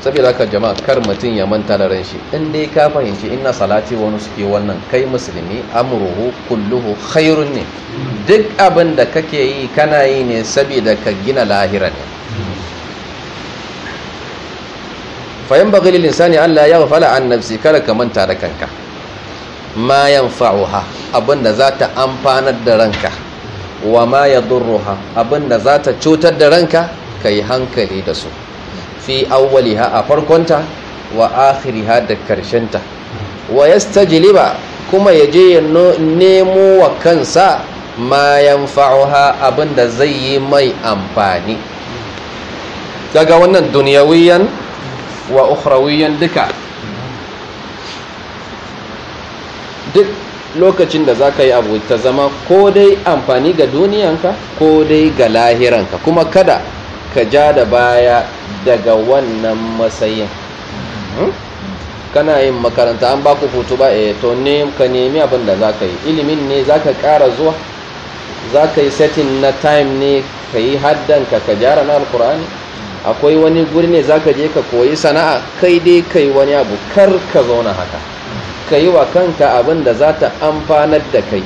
saboda haka jama'a kar mutum ya manta da ranshi in dai ka fahimci inna salati wani suke wannan kai musulmi amruhu kulluhu khairun ne duk abin da kake yi kana yi ne saboda ka gina lahira ne fayan bagilin insani Allah ya wafala an nafsi kada ka manta da kanka ma yanfa'uha abinda za ta amfanar da ranka wa ma yadurruha abinda za ta cutar da ranka ka yi hankali da su fi ha a farkonta wa akhiri ha da karshenta wa yastajliba kuma ya je ya nemo wa kansa ma yanfa'uha abinda zai yi mai amfani daga wannan duniyawiyan wa ukhrawiyan duka duk lokacin da za ka yi abu ta zama ko dai amfani ga duniyanka ko dai ga lahiranka kuma kada ka ja da baya daga wannan matsayin hmm? kana yin makaranta an baku hutu ba eh to ne ka nemi abin da za ka yi ilimin ne za ka ƙara zuwa za ka yi setting na time ne ka yi haddanka ka jara na alkur'ani akwai wani guri ne zaka je ka koyi sana'a kai dai kai wani abu kar ka zauna haka ka yi wa kanka abin da za ta amfanar da kai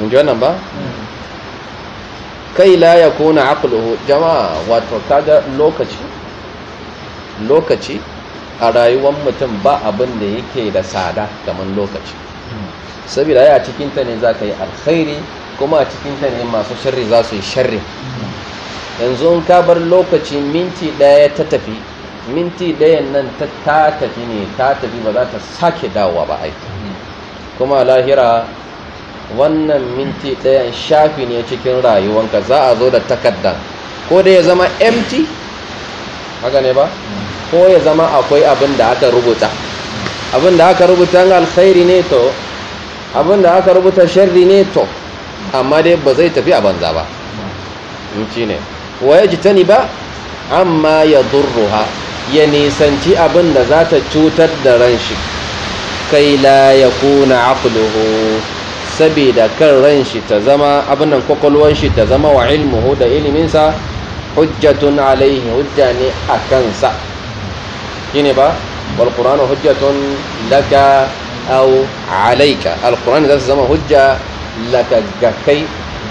in ji wannan ba kai la ya kona akuluhu jama'a wato kaga lokaci lokaci a rayuwar mutum ba abin da yake da tsada kamar lokaci saboda ya cikinta ne za ka yi alkhairi kuma a cikinta ne masu shirri za su yi shirri yanzu in ka bar lokaci minti ɗaya ta tafi minti dayan nan ta tafi ne ta tafi ba za ta sake dawowa ba aiki kuma lahira wannan minti dayan shafi ne cikin rayuwanka za a zo da takaddan ko da ya zama empty haka ne ba ko ya zama akwai abin da aka rubuta abin da aka rubuta alkhairi ne to abin da aka rubuta sharri ne to amma dai ba zai tafi a banza ba in ne wa ya jitani ba amma ya durruha ya nisanci abin da za ta cutar da ran shi kai la ya kuna aqluhu saboda kan ran shi ta zama abin kwakwalwan shi ta zama wa ilmuhu da iliminsa hujjatun alaihi hujja ne a kansa shine ba wal qur'anu hujjatun laka au alaika. al za zai zama hujja laka ga kai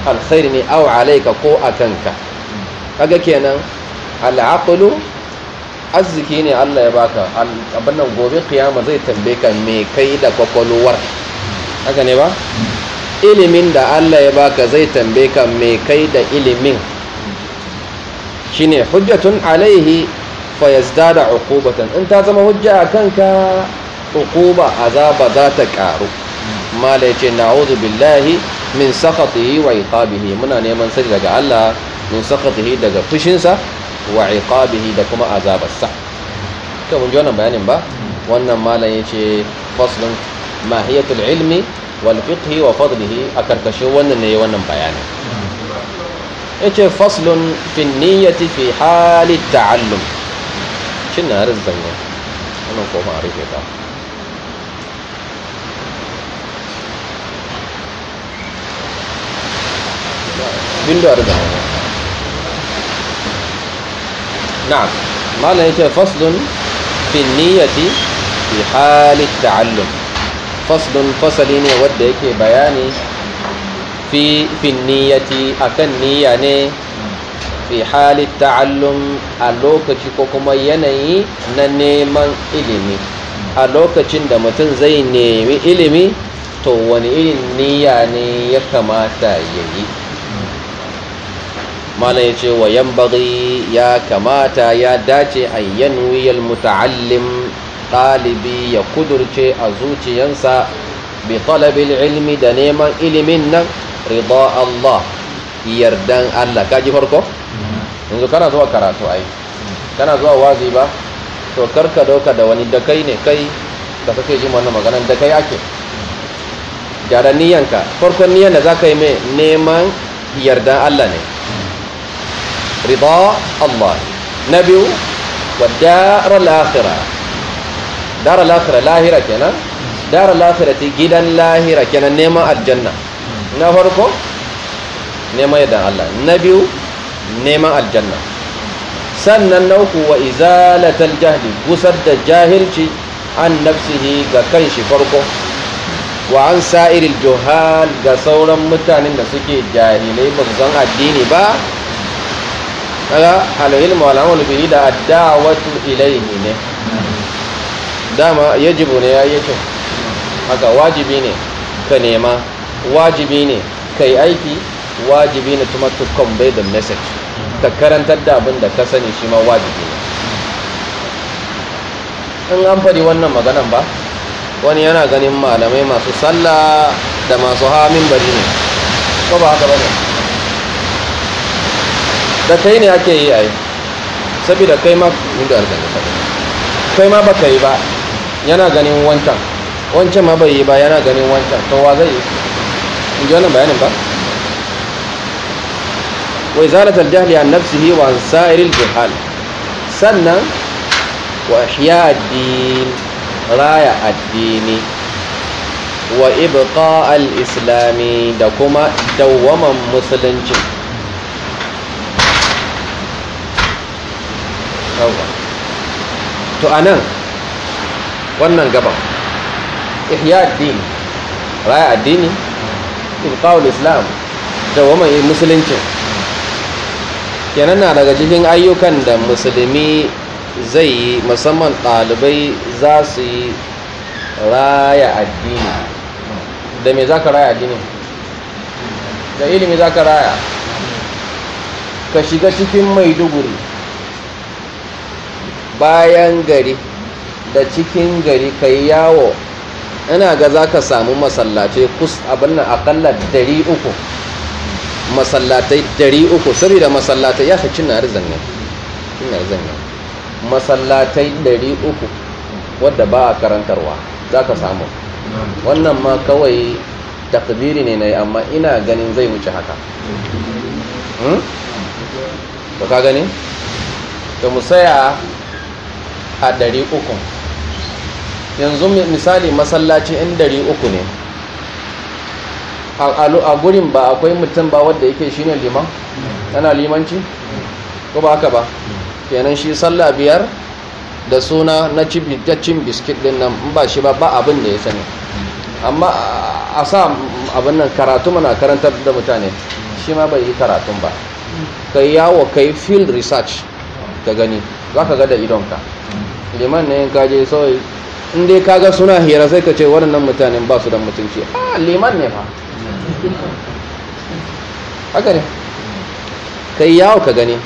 alkhairi ne aw alayka ko akanka kaga kenan al'aqlu arziki ne Allah ya baka abin nan gobe kiyama zai tambaye ka me kai da kwakwalwar haka ne ba ilimin da Allah ya baka zai tambaye ka me kai da ilimin shine hujjatun alaihi fa yazdada uqubatan in ta zama hujja kanka uquba azaba za ta karu mala yace na'udhu billahi min sakhatihi wa iqabihi muna neman sirri daga Allah min sakatihi daga fushinsa wa iqabihi da kuma azabarsa to mun ji wannan bayanin ba wannan malam yace faslun mahiyatul ilmi wal fiqhi wa fadlihi a karkashin wannan ne wannan bayanin yace faslun fi niyyati fi hali ta'allum shin na rizan ne wannan ko ma rufe ta bin da rizan na'am malam yake faslun fin fi halit ta'allum fasali ne wanda yake bayani fi akan niyya ne fi halit ta'allum a yanayi na neman ilimi a lokacin da mutum zai nemi ilimi to wani irin niyya ne ya kamata ya yi malam ya ce wa yambaghi ya kamata ya dace an yanwiyal muta'allim ɗalibi ya kudurce a zuciyansa bi talabil ilmi da neman ilimin nan rida Allah yardan Allah Ka ji farko yanzu kana zuwa karatu ai kana zuwa wazi ba to karka dauka da wani dakai ne kai da kake jin wannan maganar da kai ake gyara niyanka farkon niyan da za ka yi mai neman yardan Allah ne rida Allah na biyu wa darar lahira darar lahira lahira kenan darar lahira ta gidan lahira kenan neman aljanna na farko neman yadda Allah na neman aljanna sannan na wa izalatal jahli gusar da jahilci an nafsihi ga shi farko wa an sa'iril juhal ga sauran mutanen da suke jahilai ba su addini ba kaga halayil al'amalu bihi da addawatu ilayhi ne dama yajibu ne ya yake haka wajibi ne ka nema wajibi ne ka aiki wajibi ne kuma to convey the message ka karantar da abin da ka sani shi ma wajibi ne in an faɗi wannan maganan ba wani yana ganin malamai masu sallah da masu hamin bari ne ko ba haka ba ne da kai ne ake yi a yi saboda kai ma wanda aljanna kai ma baka yi ba yana ganin wancan wancan ma bai yi ba yana ganin wancan to wa zai yi in ji wannan bayanin ba wai zalatar a nafsi nafsihi wa an sa'iril juhal sannan wa ya addin raya addini wa ibqa al-islami da kuma dawwaman musulunci tauba to anan wannan gaban ihya addini raya addini ibqaul islam da wama musulunci kenan na daga cikin ayyukan da musulmi zai yi musamman ɗalibai za su yi raya addini da me za ka raya addini da ilimi za ka raya ka shiga cikin maiduguri bayan gari da cikin gari ka yi yawo ina ga za ka samu masallace kus abin nan akalla 300 masallatai 300 saboda masallatai ya fi cinar zanne masallatai 300 wadda ba a karantarwa za ka samu wannan ma kawai takbiri ne na yi amma ina ganin zai wuce haka ba hmm? ka gani? ta musaya a ɗari uku yanzu misali masallaci in ɗari uku ne a gurin ba akwai mutum ba wadda yake shi ne liman tana limanci ko ba haka ba kenan shi sallah biyar da suna na cin biskit din nan ba shi ba ba abin da ya sani amma a sa abin nan karatu mana karantar da mutane shi ma bai yi karatun ba kai yawo kai field research ka gani za ka ga da idonka liman ne ka je sai in dai kaga suna hira sai ka ce waɗannan mutanen ba su da mutunci a ah, liman ne fa haka ne ka yi yawo ka gani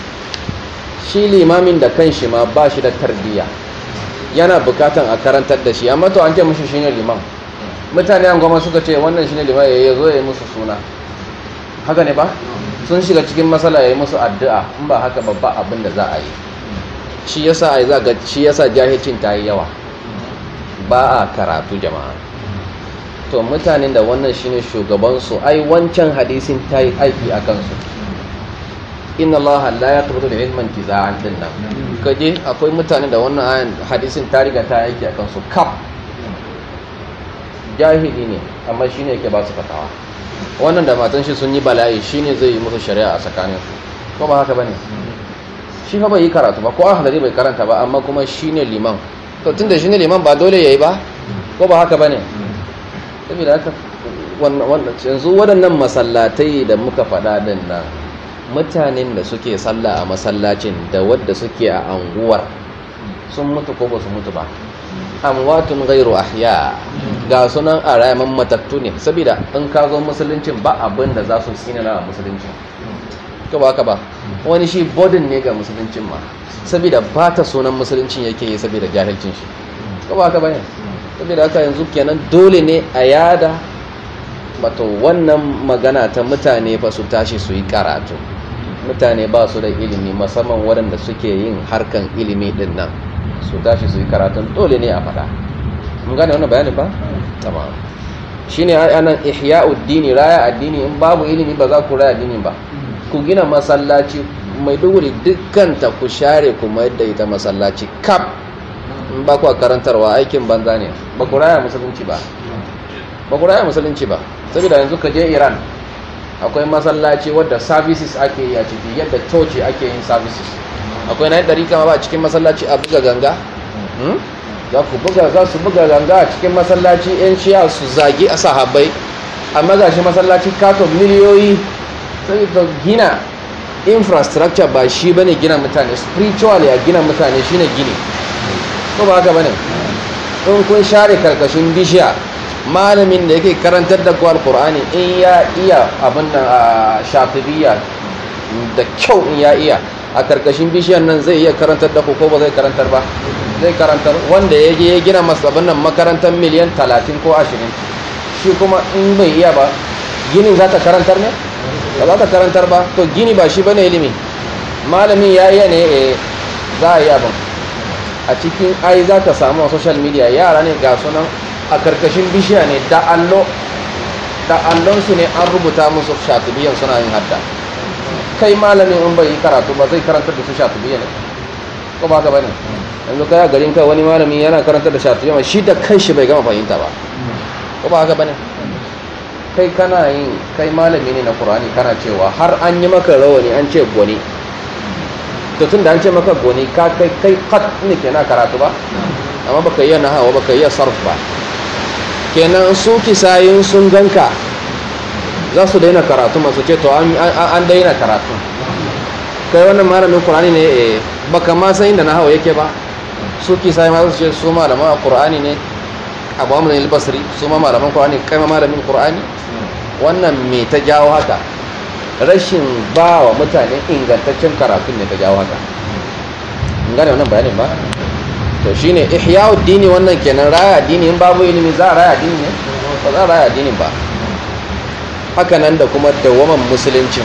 shi limamin da kan shi ma ba shi da tarbiya. yana bukatan a karantar da shi amma to an ce mushi shi ne liman mutane an goma suka ce wannan shi ne liman ya zo ya yi musu suna haka ne ba sun shiga cikin matsala ya yi musu addu'a in ba haka babba abin da za a yi shi yasa ai za ga shi yasa jahilcin ta yi yawa ba a karatu jama'a to mutanen da wannan shine shugabansu ai wancan hadisin ta yi aiki a kansu inna allaha la yaqbalu ilman tizaan nan. kaje akwai mutanen da wannan ayan hadisin ta riga ta aiki a kansu kaf jahili ne amma shine yake ba su fatawa wannan da matan shi sun yi bala'i shine zai yi musu shari'a a tsakaninsu ko ba haka bane shi fa bai yi karatu ba ko an hadari bai karanta ba amma kuma shi ne liman to tun da shi ne liman ba dole ya yi ba ko ba haka ba ne saboda haka yanzu waɗannan masallatai da muka faɗa ɗin na mutanen da suke sallah a masallacin da wadda suke a anguwar sun mutu ko ba su mutu ba amwatun gairu ahya ga sunan a rayuwar matattu ne saboda in ka zo musuluncin ba abin da za su sinana a musuluncin to ba ka ba wani shi bodin ne ga musuluncin ma saboda ba ta sunan musuluncin yake yi saboda jahilcin shi ko ba ka bayan saboda haka yanzu kenan dole ne a yada wato wannan magana ta mutane fa su tashi su yi karatu mutane ba su da ilimi musamman waɗanda suke yin harkan ilimi din nan su tashi su yi karatu dole ne a faɗa mun gane wannan bayanin ba tamam shine ayanan ihya'ud dini raya addini in babu ilimi ba za ku raya addini ba ku gina masallaci mai duguri dukkanta ku share ku yadda ita masallaci kap in ba kuwa karantarwa aikin banza ne ba ku raya musulunci ba ba ku musulunci ba saboda yanzu ka je iran akwai masallaci wadda services ake yi a ciki yadda coci ake yin services akwai na yadda rika kama ba cikin masallaci a buga ganga hmm? za ku buga za su buga ganga a cikin masallaci yan shiya su zagi a sahabbai amma ga shi masallaci katon miliyoyi saboda gina infrastructure ba shi bane gina mutane spiritual ya gina mutane shine gini ko ba haka bane in kun share karkashin bishiya malamin da yake karantar da kuwa alkur'ani in ya iya abin nan a shafibiya da kyau in ya iya a karkashin bishiyar nan zai iya karantar da ko ba zai karantar ba zai karantar wanda ya ya gina masa abin nan makarantar miliyan talatin ko ashirin shi kuma in bai iya ba ginin za ta karantar ne ba za ka karantar ba to gini ba shi bane ilimi malamin ya yi ne eh, za a yi abin a cikin ai za ka samu a social media yara ne ga sunan a karkashin bishiya ne da allonsu ne an rubuta musu shatubiyan suna yin hadda kai malamin in bai yi karatu ba zai karantar da su shatubiyan ne ko ba ka bane yanzu kaya garin kai wani malamin yana karantar da shatubiyan shi da kai shi bai gama fahimta ba ko ba ka bane kai kana yin kai malami ne na ƙur'ani kana cewa har an yi maka rawani an ce goni to tun da an ce maka goni ka kai kai kat ne kenan karatu ba amma baka iya nahawa baka iya sarf ba kenan su kisayin sun ganka za su daina karatu masu ce to an daina karatu kai wannan malamin ƙur'ani ne eh, baka ma san inda na hawa yake ba su kisayin ma su ce su malaman ƙur'ani ne abu amurin albasri su ma malaman ƙur'ani kai ma malamin ƙur'ani wannan me ta jawo haka rashin ba wa mutane ingantaccen karatun ne ta jawo haka gane wannan bayanin ba to shi shine ihya'ud dini wannan kenan raya dini in babu ilimi za a raya dini ne ba za a raya dini ba haka nan da kuma dawaman musuluncin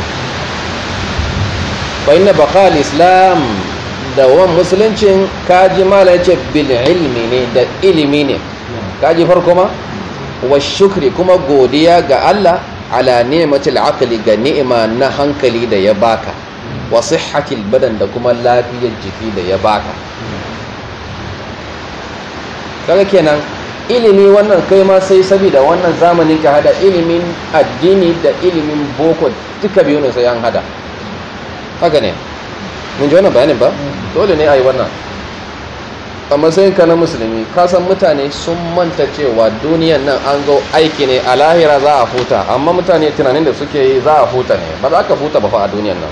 fa inna baqa islam dawaman musuluncin kaji mala yace bil ilmi ne da ilimi ne kaji farko ma wa shukri kuma godiya ga Allah ala ni'matil aqli ga ni'ima na hankali da ya baka wa sihhatil badan da kuma lafiyar jiki da ya baka kaga kenan ilimi wannan kai ma sai saboda wannan zamanin ka hada ilimin addini da ilimin boko duka biyu ne sai an hada haka ne mun ji wannan bayanin ba mm. dole ne a yi wannan a matsayin ka na musulmi kasan mutane sun manta cewa duniyan nan an zo aiki ne a lahira za a huta amma mutane tunanin da suke yi za a huta ne ba za ka huta ba fa a duniyan nan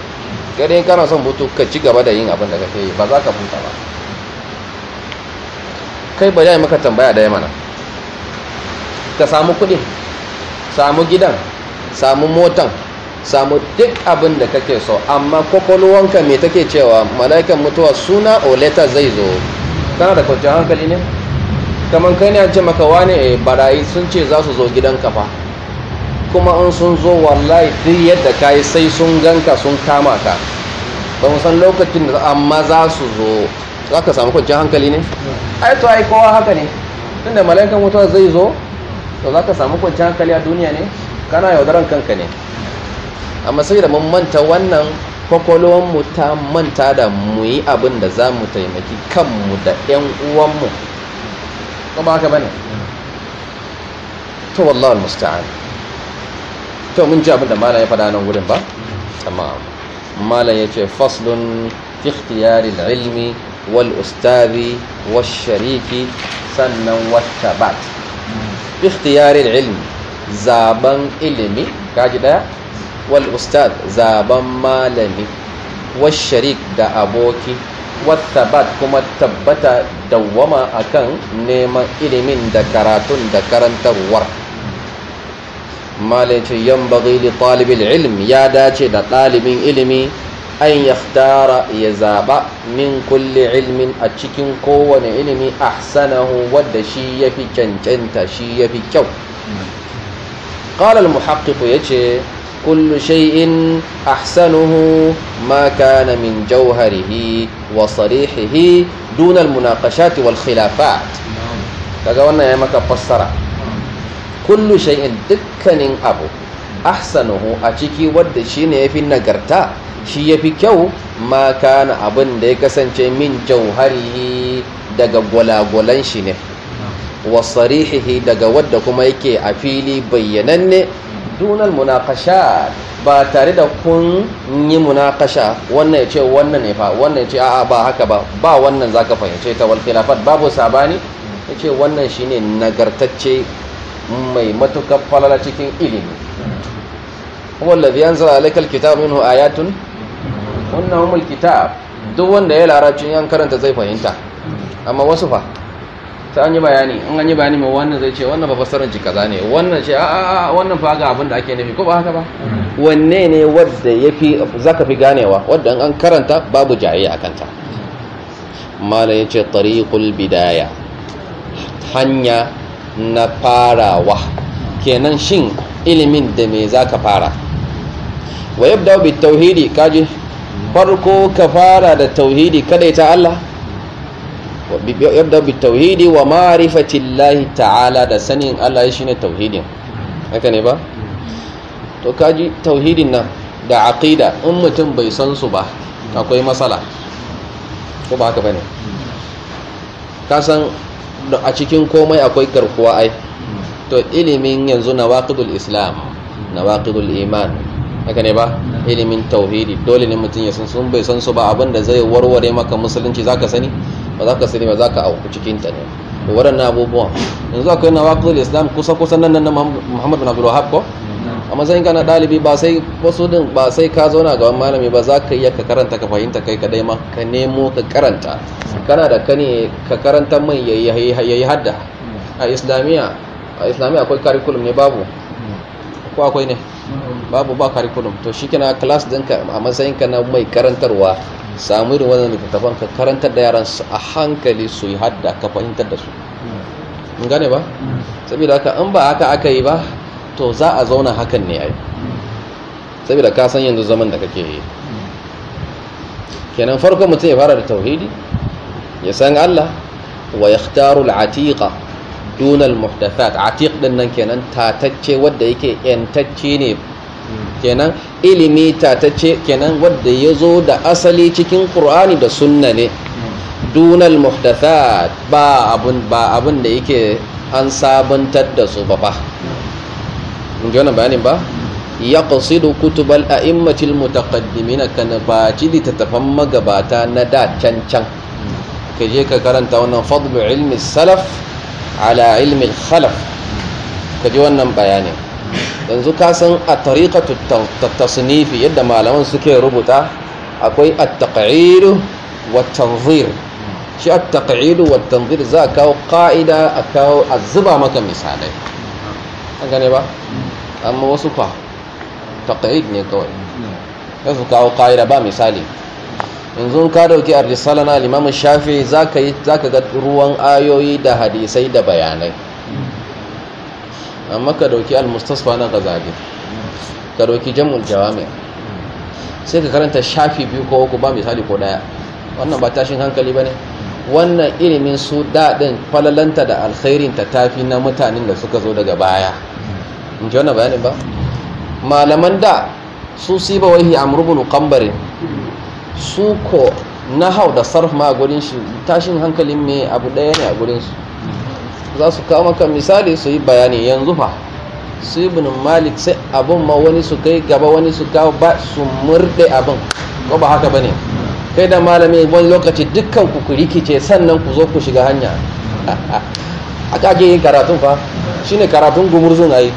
gade kana son hutu ka ci gaba da yin abin da kake yi ba za ka huta ba kai ba yi maka tambaya da mana ka samu kuɗi samu gidan samu motan samu duk abin da kake so amma kwakwalwanka mai take cewa mala'ikan mutuwa suna o zai zo kana da kwanciyar hankali ne kamar kai ne an ce maka wani eh, barayi sun ce za su zo gidan kafa. kuma in sun zo wallahi duk yadda ka yi sai sun ganka sun kama ka ba mu san lokacin da amma za su zo za ka samu kwanciyar hankali ne ai to ai kowa haka ne tunda mala'ikan mutuwa zai zo to za ka samu kwanciyar hankali a duniya ne kana yaudaran kanka ne amma sai da mun manta wannan kwakwalwanmu ta manta da mu yi abin da za mu taimaki kanmu da 'yan uwanmu ko ba ka ba ne to wallah al to mun ji abin da malam ya fada nan wurin ba tamam malam ya ce faslun fi ikhtiyari ilmi wal ustadi wal shariki sannan wata bat ikhtiyari ilmi zaben ilimi kaji daya wal ustad zaben malami was sharik da aboki wat tabat kuma tabbata dawwama akan neman ilimin da karatun da karantarwar malaci yanbaghi li talibil ilm ya dace da ɗalibin ilimi an yaktara ya zaɓa min kulle ilmin a cikin kowane ilimi ahsanahu wadda shi ya fi cancanta shi ya fi kyau ƙalar hmm. muhaƙiƙu ya ce وكل شيء أحسنه ما كان من جوهره وصريحه دون المناقشات والخلافات kaga wannan ya maka fassara kullu shay'in dukkanin abu ahsanuhu a ciki wadda shine yafi nagarta shi yafi kyau ma kana abin da ya kasance min jauharihi daga gwalagwalan shi ne wa wasarihihi daga wadda kuma yake a fili bayyananne dunal munakasha ba tare da kun yi munakasha wannan ya ce wannan ne fa wannan ya ce a'a ba haka ba ba wannan zaka fahimce ta wal khilafat babu sabani ya ce wannan shine nagartacce mai matukar falala cikin ilimi wallazi yanzala alaikal kitab minhu ayatun wannan humul kitab duk wanda ya larabcin yan karanta zai fahimta amma wasu fa sai an yi bayani in an yi bayani mai wannan zai ce wannan ba fassarar ji kaza ne wannan ce a'a wannan fa ga abin da ake nufi ko ba haka ba mm. wanne ne wadda yafi zaka fi ganewa wadda an karanta babu jayayya akan ta mala yace tariqul bidaya hanya na farawa kenan shin ilimin da me zaka fara wa yabda bi tauhidi kaji farko ka fara da tauhidi kada ita Allah yadda bi tauhidi wa ma'rifatillahi ta'ala da sanin Allah shine tauhidin haka ne ba to kaji tauhidin nan da aqida in mutum bai san su ba akwai matsala ko ba haka bane ka san a cikin komai akwai garkuwa ai to ilimin yanzu nawaqidul islam nawaqidul iman haka ne ba ilimin tauhidi dole ne mutum ya san sun bai san su ba abinda zai warware maka musulunci zaka sani ba za ka sani ba za ka auku cikinta ne waɗannan abubuwan yanzu akwai na waƙil islam kusa kusa nan nan na Muhammadu bin abdul ko a matsayin ka na ɗalibi ba sai wasu din ba sai ka zauna ga wani malami ba za ka iya ka karanta ka fahimta kai kadai ma ka nemo ka karanta kana da kane ka karanta mai yayi hadda a islamiyya a islamiyya akwai curriculum ne babu ko akwai ne babu ba curriculum to kina class ɗinka a matsayin ka na mai karantarwa samu irin wannan littattafan ka karantar da yaran su a hankali su yi hadda ka fahimtar da su in gane ba saboda haka in ba haka aka yi ba to za a zauna hakan ne ai saboda ka san yanzu zaman da kake yi kenan farko mutum ya fara da tauhidi ya san Allah wa yakhtaru al-atiqa duna al-muhdathat atiq din nan kenan tatacce wanda yake yantacce ne kenan ilimi tatacce kenan wadda ya zo da asali cikin ƙur'ani da sunna ne dunal muhdathat ba abun ba abun da yake an sabantar da su ba fa in ji wannan bayanin ba ya qasidu kutubal a'immatil mutaqaddimina kana baci littattafan magabata na da can can ka je ka karanta wannan fadlu ilmi salaf ala ilmi khalaf ka ji wannan bayanin yanzu ka san a tariƙa tasnifi yadda malaman suke rubuta akwai a taƙa'idu wa tanzir shi a taƙa'idu wa tanzir za a kawo ƙa'ida a kawo zuba maka misalai an gane ba amma wasu fa taƙa'id ne kawai su kawo ƙa'ida ba misali yanzu ka dauki a risala na Limamin shafi za ka zaka ga ruwan ayoyi da hadisai da bayanai amma ka dauki almustasfa mustasfa na Zabe, ka dauki jam'ul jawami sai ka karanta shafi biyu ko uku ba misali ko daya wannan ba tashin hankali bane wannan ilimin su daɗin falalanta da alkhairin ta fi na mutanen da suka zo daga baya in ji wannan bayanin ba malaman da su siba wai wahi amurbulu kambarin su ko na hau da sarf ma a gudun shi tashin hankalin mai abu ɗaya ne a gudun su za su kawo maka misali su yi bayani yanzu fa su binin malik sai abin ma wani su kai gaba wani su kawo ba su murɗe abin ko ba haka ba ne kai da malami wani lokaci dukkan ku ku rikice sannan ku zo ku shiga hanya haka ake yin karatun fa ne karatun gumurzun ayi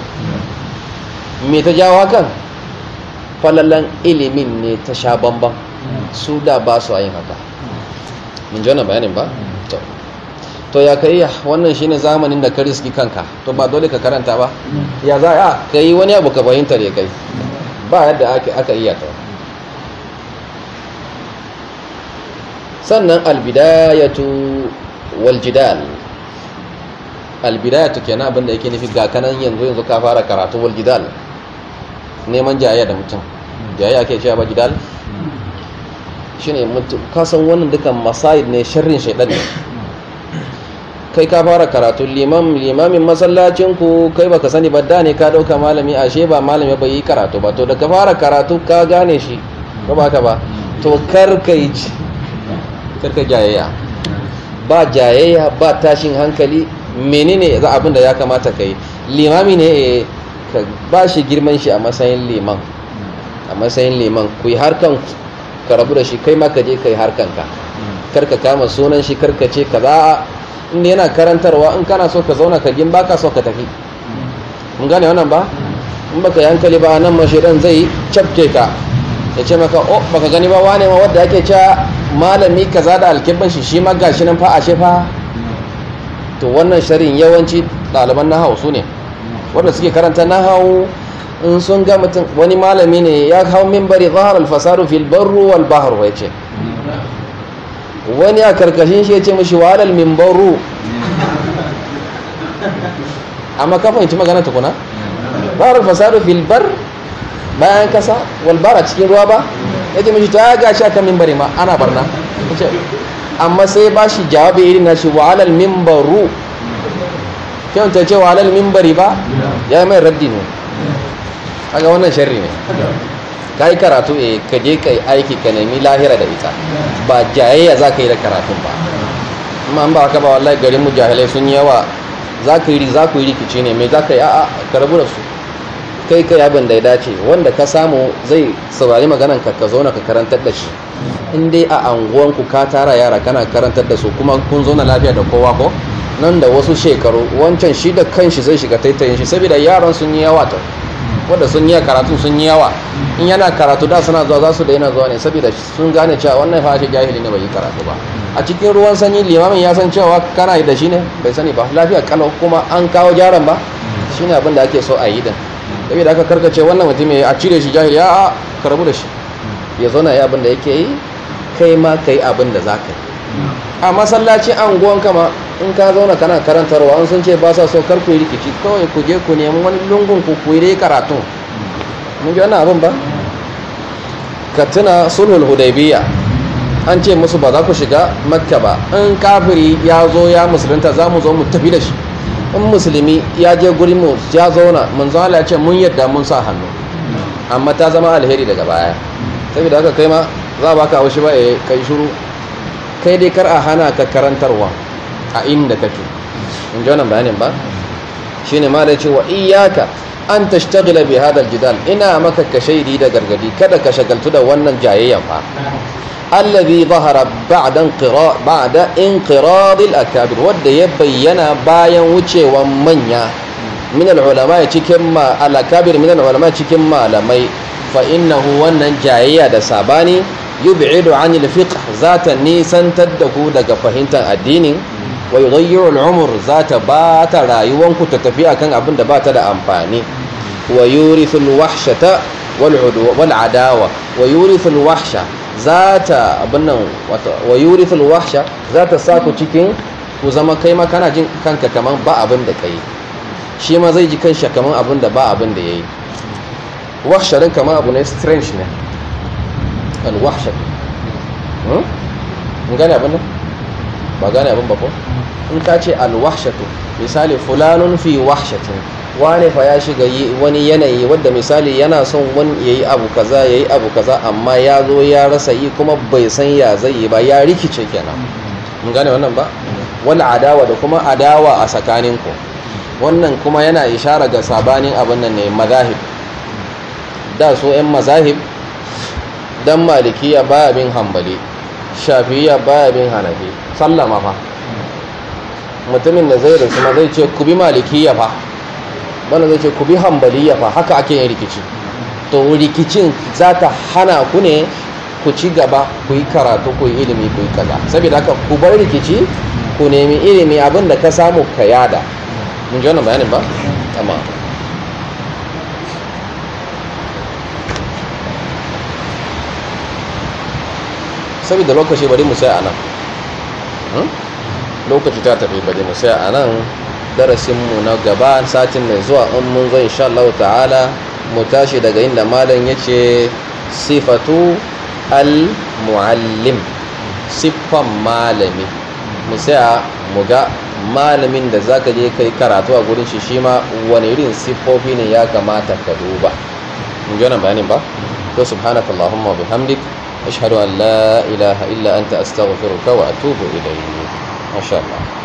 me ta jawo hakan falalan ilimin ne ta sha bambam su da ba su ayin haka mun ji wannan bayanin ba to to ya ka iya wannan shine zamanin da ka riski kanka to ba dole ka karanta ba ya za a ka yi wani abu ka fahimta ya kai ba yadda aka iya ta sannan albidayatu waljidal albidayatu kenan abin da yake nufi ga kanan yanzu yanzu ka fara karatu waljidal neman jayayya da mutum jayayya ke cewa ba jidal ne mutum kasan wannan dukan masayid ne shirin shaidan ne kai ka fara karatu limamin masallacin ku kai baka sani ba da ne ka dauka malami ashe ba malami bai yi karatu ba to da ka fara karatu ka gane shi ba baka ba to kar kai kar ka jayayya ba jayayya ba tashin hankali menene za abin da ya kamata kai limami ne eh, ba shi girman shi a matsayin liman a matsayin liman ku yi harkan ka rabu da shi kai ma ka je kai harkan ka karka kama sunan shi karka ce ka kaza inda yana karantarwa in kana so ka zauna kagin ba baka so ka tafi mun gane wannan ba in baka yankali ba nan mashidan zai cafke ka ya ce maka oh baka gani ba wane ma wadda ake cewa malami kaza da alkibban shi shi ma gashi nan fa a shefa to wannan sharin yawanci ɗaliban nahawu su ne wanda suke karanta nahawu in sun ga mutum wani malami ne ya hau mimbari zahar alfasadu fil barru wal bahru ya ce wani a karkashin shi ya ce mashi wahalar mimbaru amma ka ci magana tukuna barar fasadu filbar bayan kasa walbara cikin ruwa ba ya ce mashi ta gashi akan mimbari ma ana barna amma sai ba shi jawabi irin na shi wahalar mimbaru kyauta ce wahalar mimbari ba ya yi mai raddi ne ga wannan sharri ne ka yi karatu eh ka je ka yi aiki ka nemi lahira da ita ba jayayya za ka yi da karatun ba amma an ba haka ba wallahi garin mu jahilai sun yi yawa za yi yi rikici ne mai za ka yi a'a ka rabu da su kai kai abin da ya dace wanda ka samu zai saurari maganan ka ka zauna ka karantar da shi in dai a anguwanku ka tara yara kana karantar da su kuma kun zauna lafiya da kowa ko nan da wasu shekaru wancan shi da kanshi zai shiga taitayin shi saboda yaran sun yi yawa ta wanda sun yi karatu sun yi yawa in yana karatu da suna zuwa za su da yana zuwa ne saboda sun gane cewa wannan fashe jahili ne bai yi karatu ba a cikin ruwan sanyi limamin ya san cewa kana da shi ne bai sani ba lafiya kalau kuma an kawo jaran ba shine abin da ake so a yi din saboda aka karkace wannan mutum ya a cire shi jahili ya karbu da shi ya zo na yi abin yake yi kai ma kai abin da za ka yi a masallaci anguwan kama in ka zauna kana karantarwa an sun ce ba sa so kar ku yi rikici kawai ku je ku nemi wani lungun ku ku yi karatu mun ji wani abin ba ka tuna sulhul hudaybiya an ce musu ba za ku shiga makka ba in kafiri ya zo ya musulunta za mu zo mu tafi da shi in musulmi ya je guri mu ya zauna mun zo ala ce mun yadda mun sa hannu amma ta zama alheri daga baya saboda haka kai ma za ba ka haushi ba ya eh, kai shuru kai dai kar a hana ka karantarwa a inda kake in ji wannan bayanin ba shi ne ma cewa iyaka an tashtagila bi hadal jidal ina maka ka shaidi da gargadi kada ka shagaltu da wannan jayayyan ba. allazi zahara ba'da inqira ba'da inqiradil akabir wanda ya bayyana bayan wucewan manya min ulama cikin ma al akabir min cikin malamai fa innahu wannan jayayya da sabani yub'idu an al-fiqh zata nisantar da ku daga fahimtar addinin wa yudayyi'u al-umr ta bata rayuwanku ta tafi akan abin da bata da amfani wa yurithu al-wahshata wal adawa wa yurithu al-wahsha zata abin nan wa yurithu al-wahsha zata sa ku cikin ku zama kai ma kana jin kanka kaman ba abin da kai shi ma zai ji kansa kaman abin da ba abin da yayi wahsha din kaman abu ne strange ne alwahsha in gane abin nan ba gane abin ba ko in ka ce alwahshatu misali fulanun fi wahshatin Wani fa ya shiga wani yanayi wadda misali yana son wani yayi abu kaza yayi abu kaza amma ya zo ya rasa yi kuma bai san ya zai yi ba ya rikice kenan mun gane wannan ba wal adawa da kuma adawa a tsakanin ku wannan kuma yana ishara ga sabanin abin nan ne mazahib da so 'yan mazahib dan malikiya baya bin hambali shafiya baya bin hanafi sallama fa mutumin da zai rasu ma zai ce ku bi malikiya fa wanda zai ce ku bi hambaliya fa haka ake yin rikici to rikicin za ta hana ku ne ku ci gaba ku yi karatu ku yi ilimi ku yi kaza saboda haka ku bar rikici ku nemi ilimi abin da ka samu ka yada mun ji wannan bayanin ba tamam saboda lokaci bari mu sai a nan hmm? lokaci ta tafi bari mu sai a nan darasinmu na gaba satin mai zuwa in mun zo insha Allah ta'ala mu tashi daga inda malam yace sifatu al-muallim siffan malami mu saya mu ga malamin da zaka je kai karatu a gurin shi shi ma wani irin siffofi ne ya kamata ka duba mun ga wannan bayanin ba to subhanakallahumma wa bihamdika أشهد أن لا إله إلا أنت أستغفرك وأتوب إليك ما شاء الله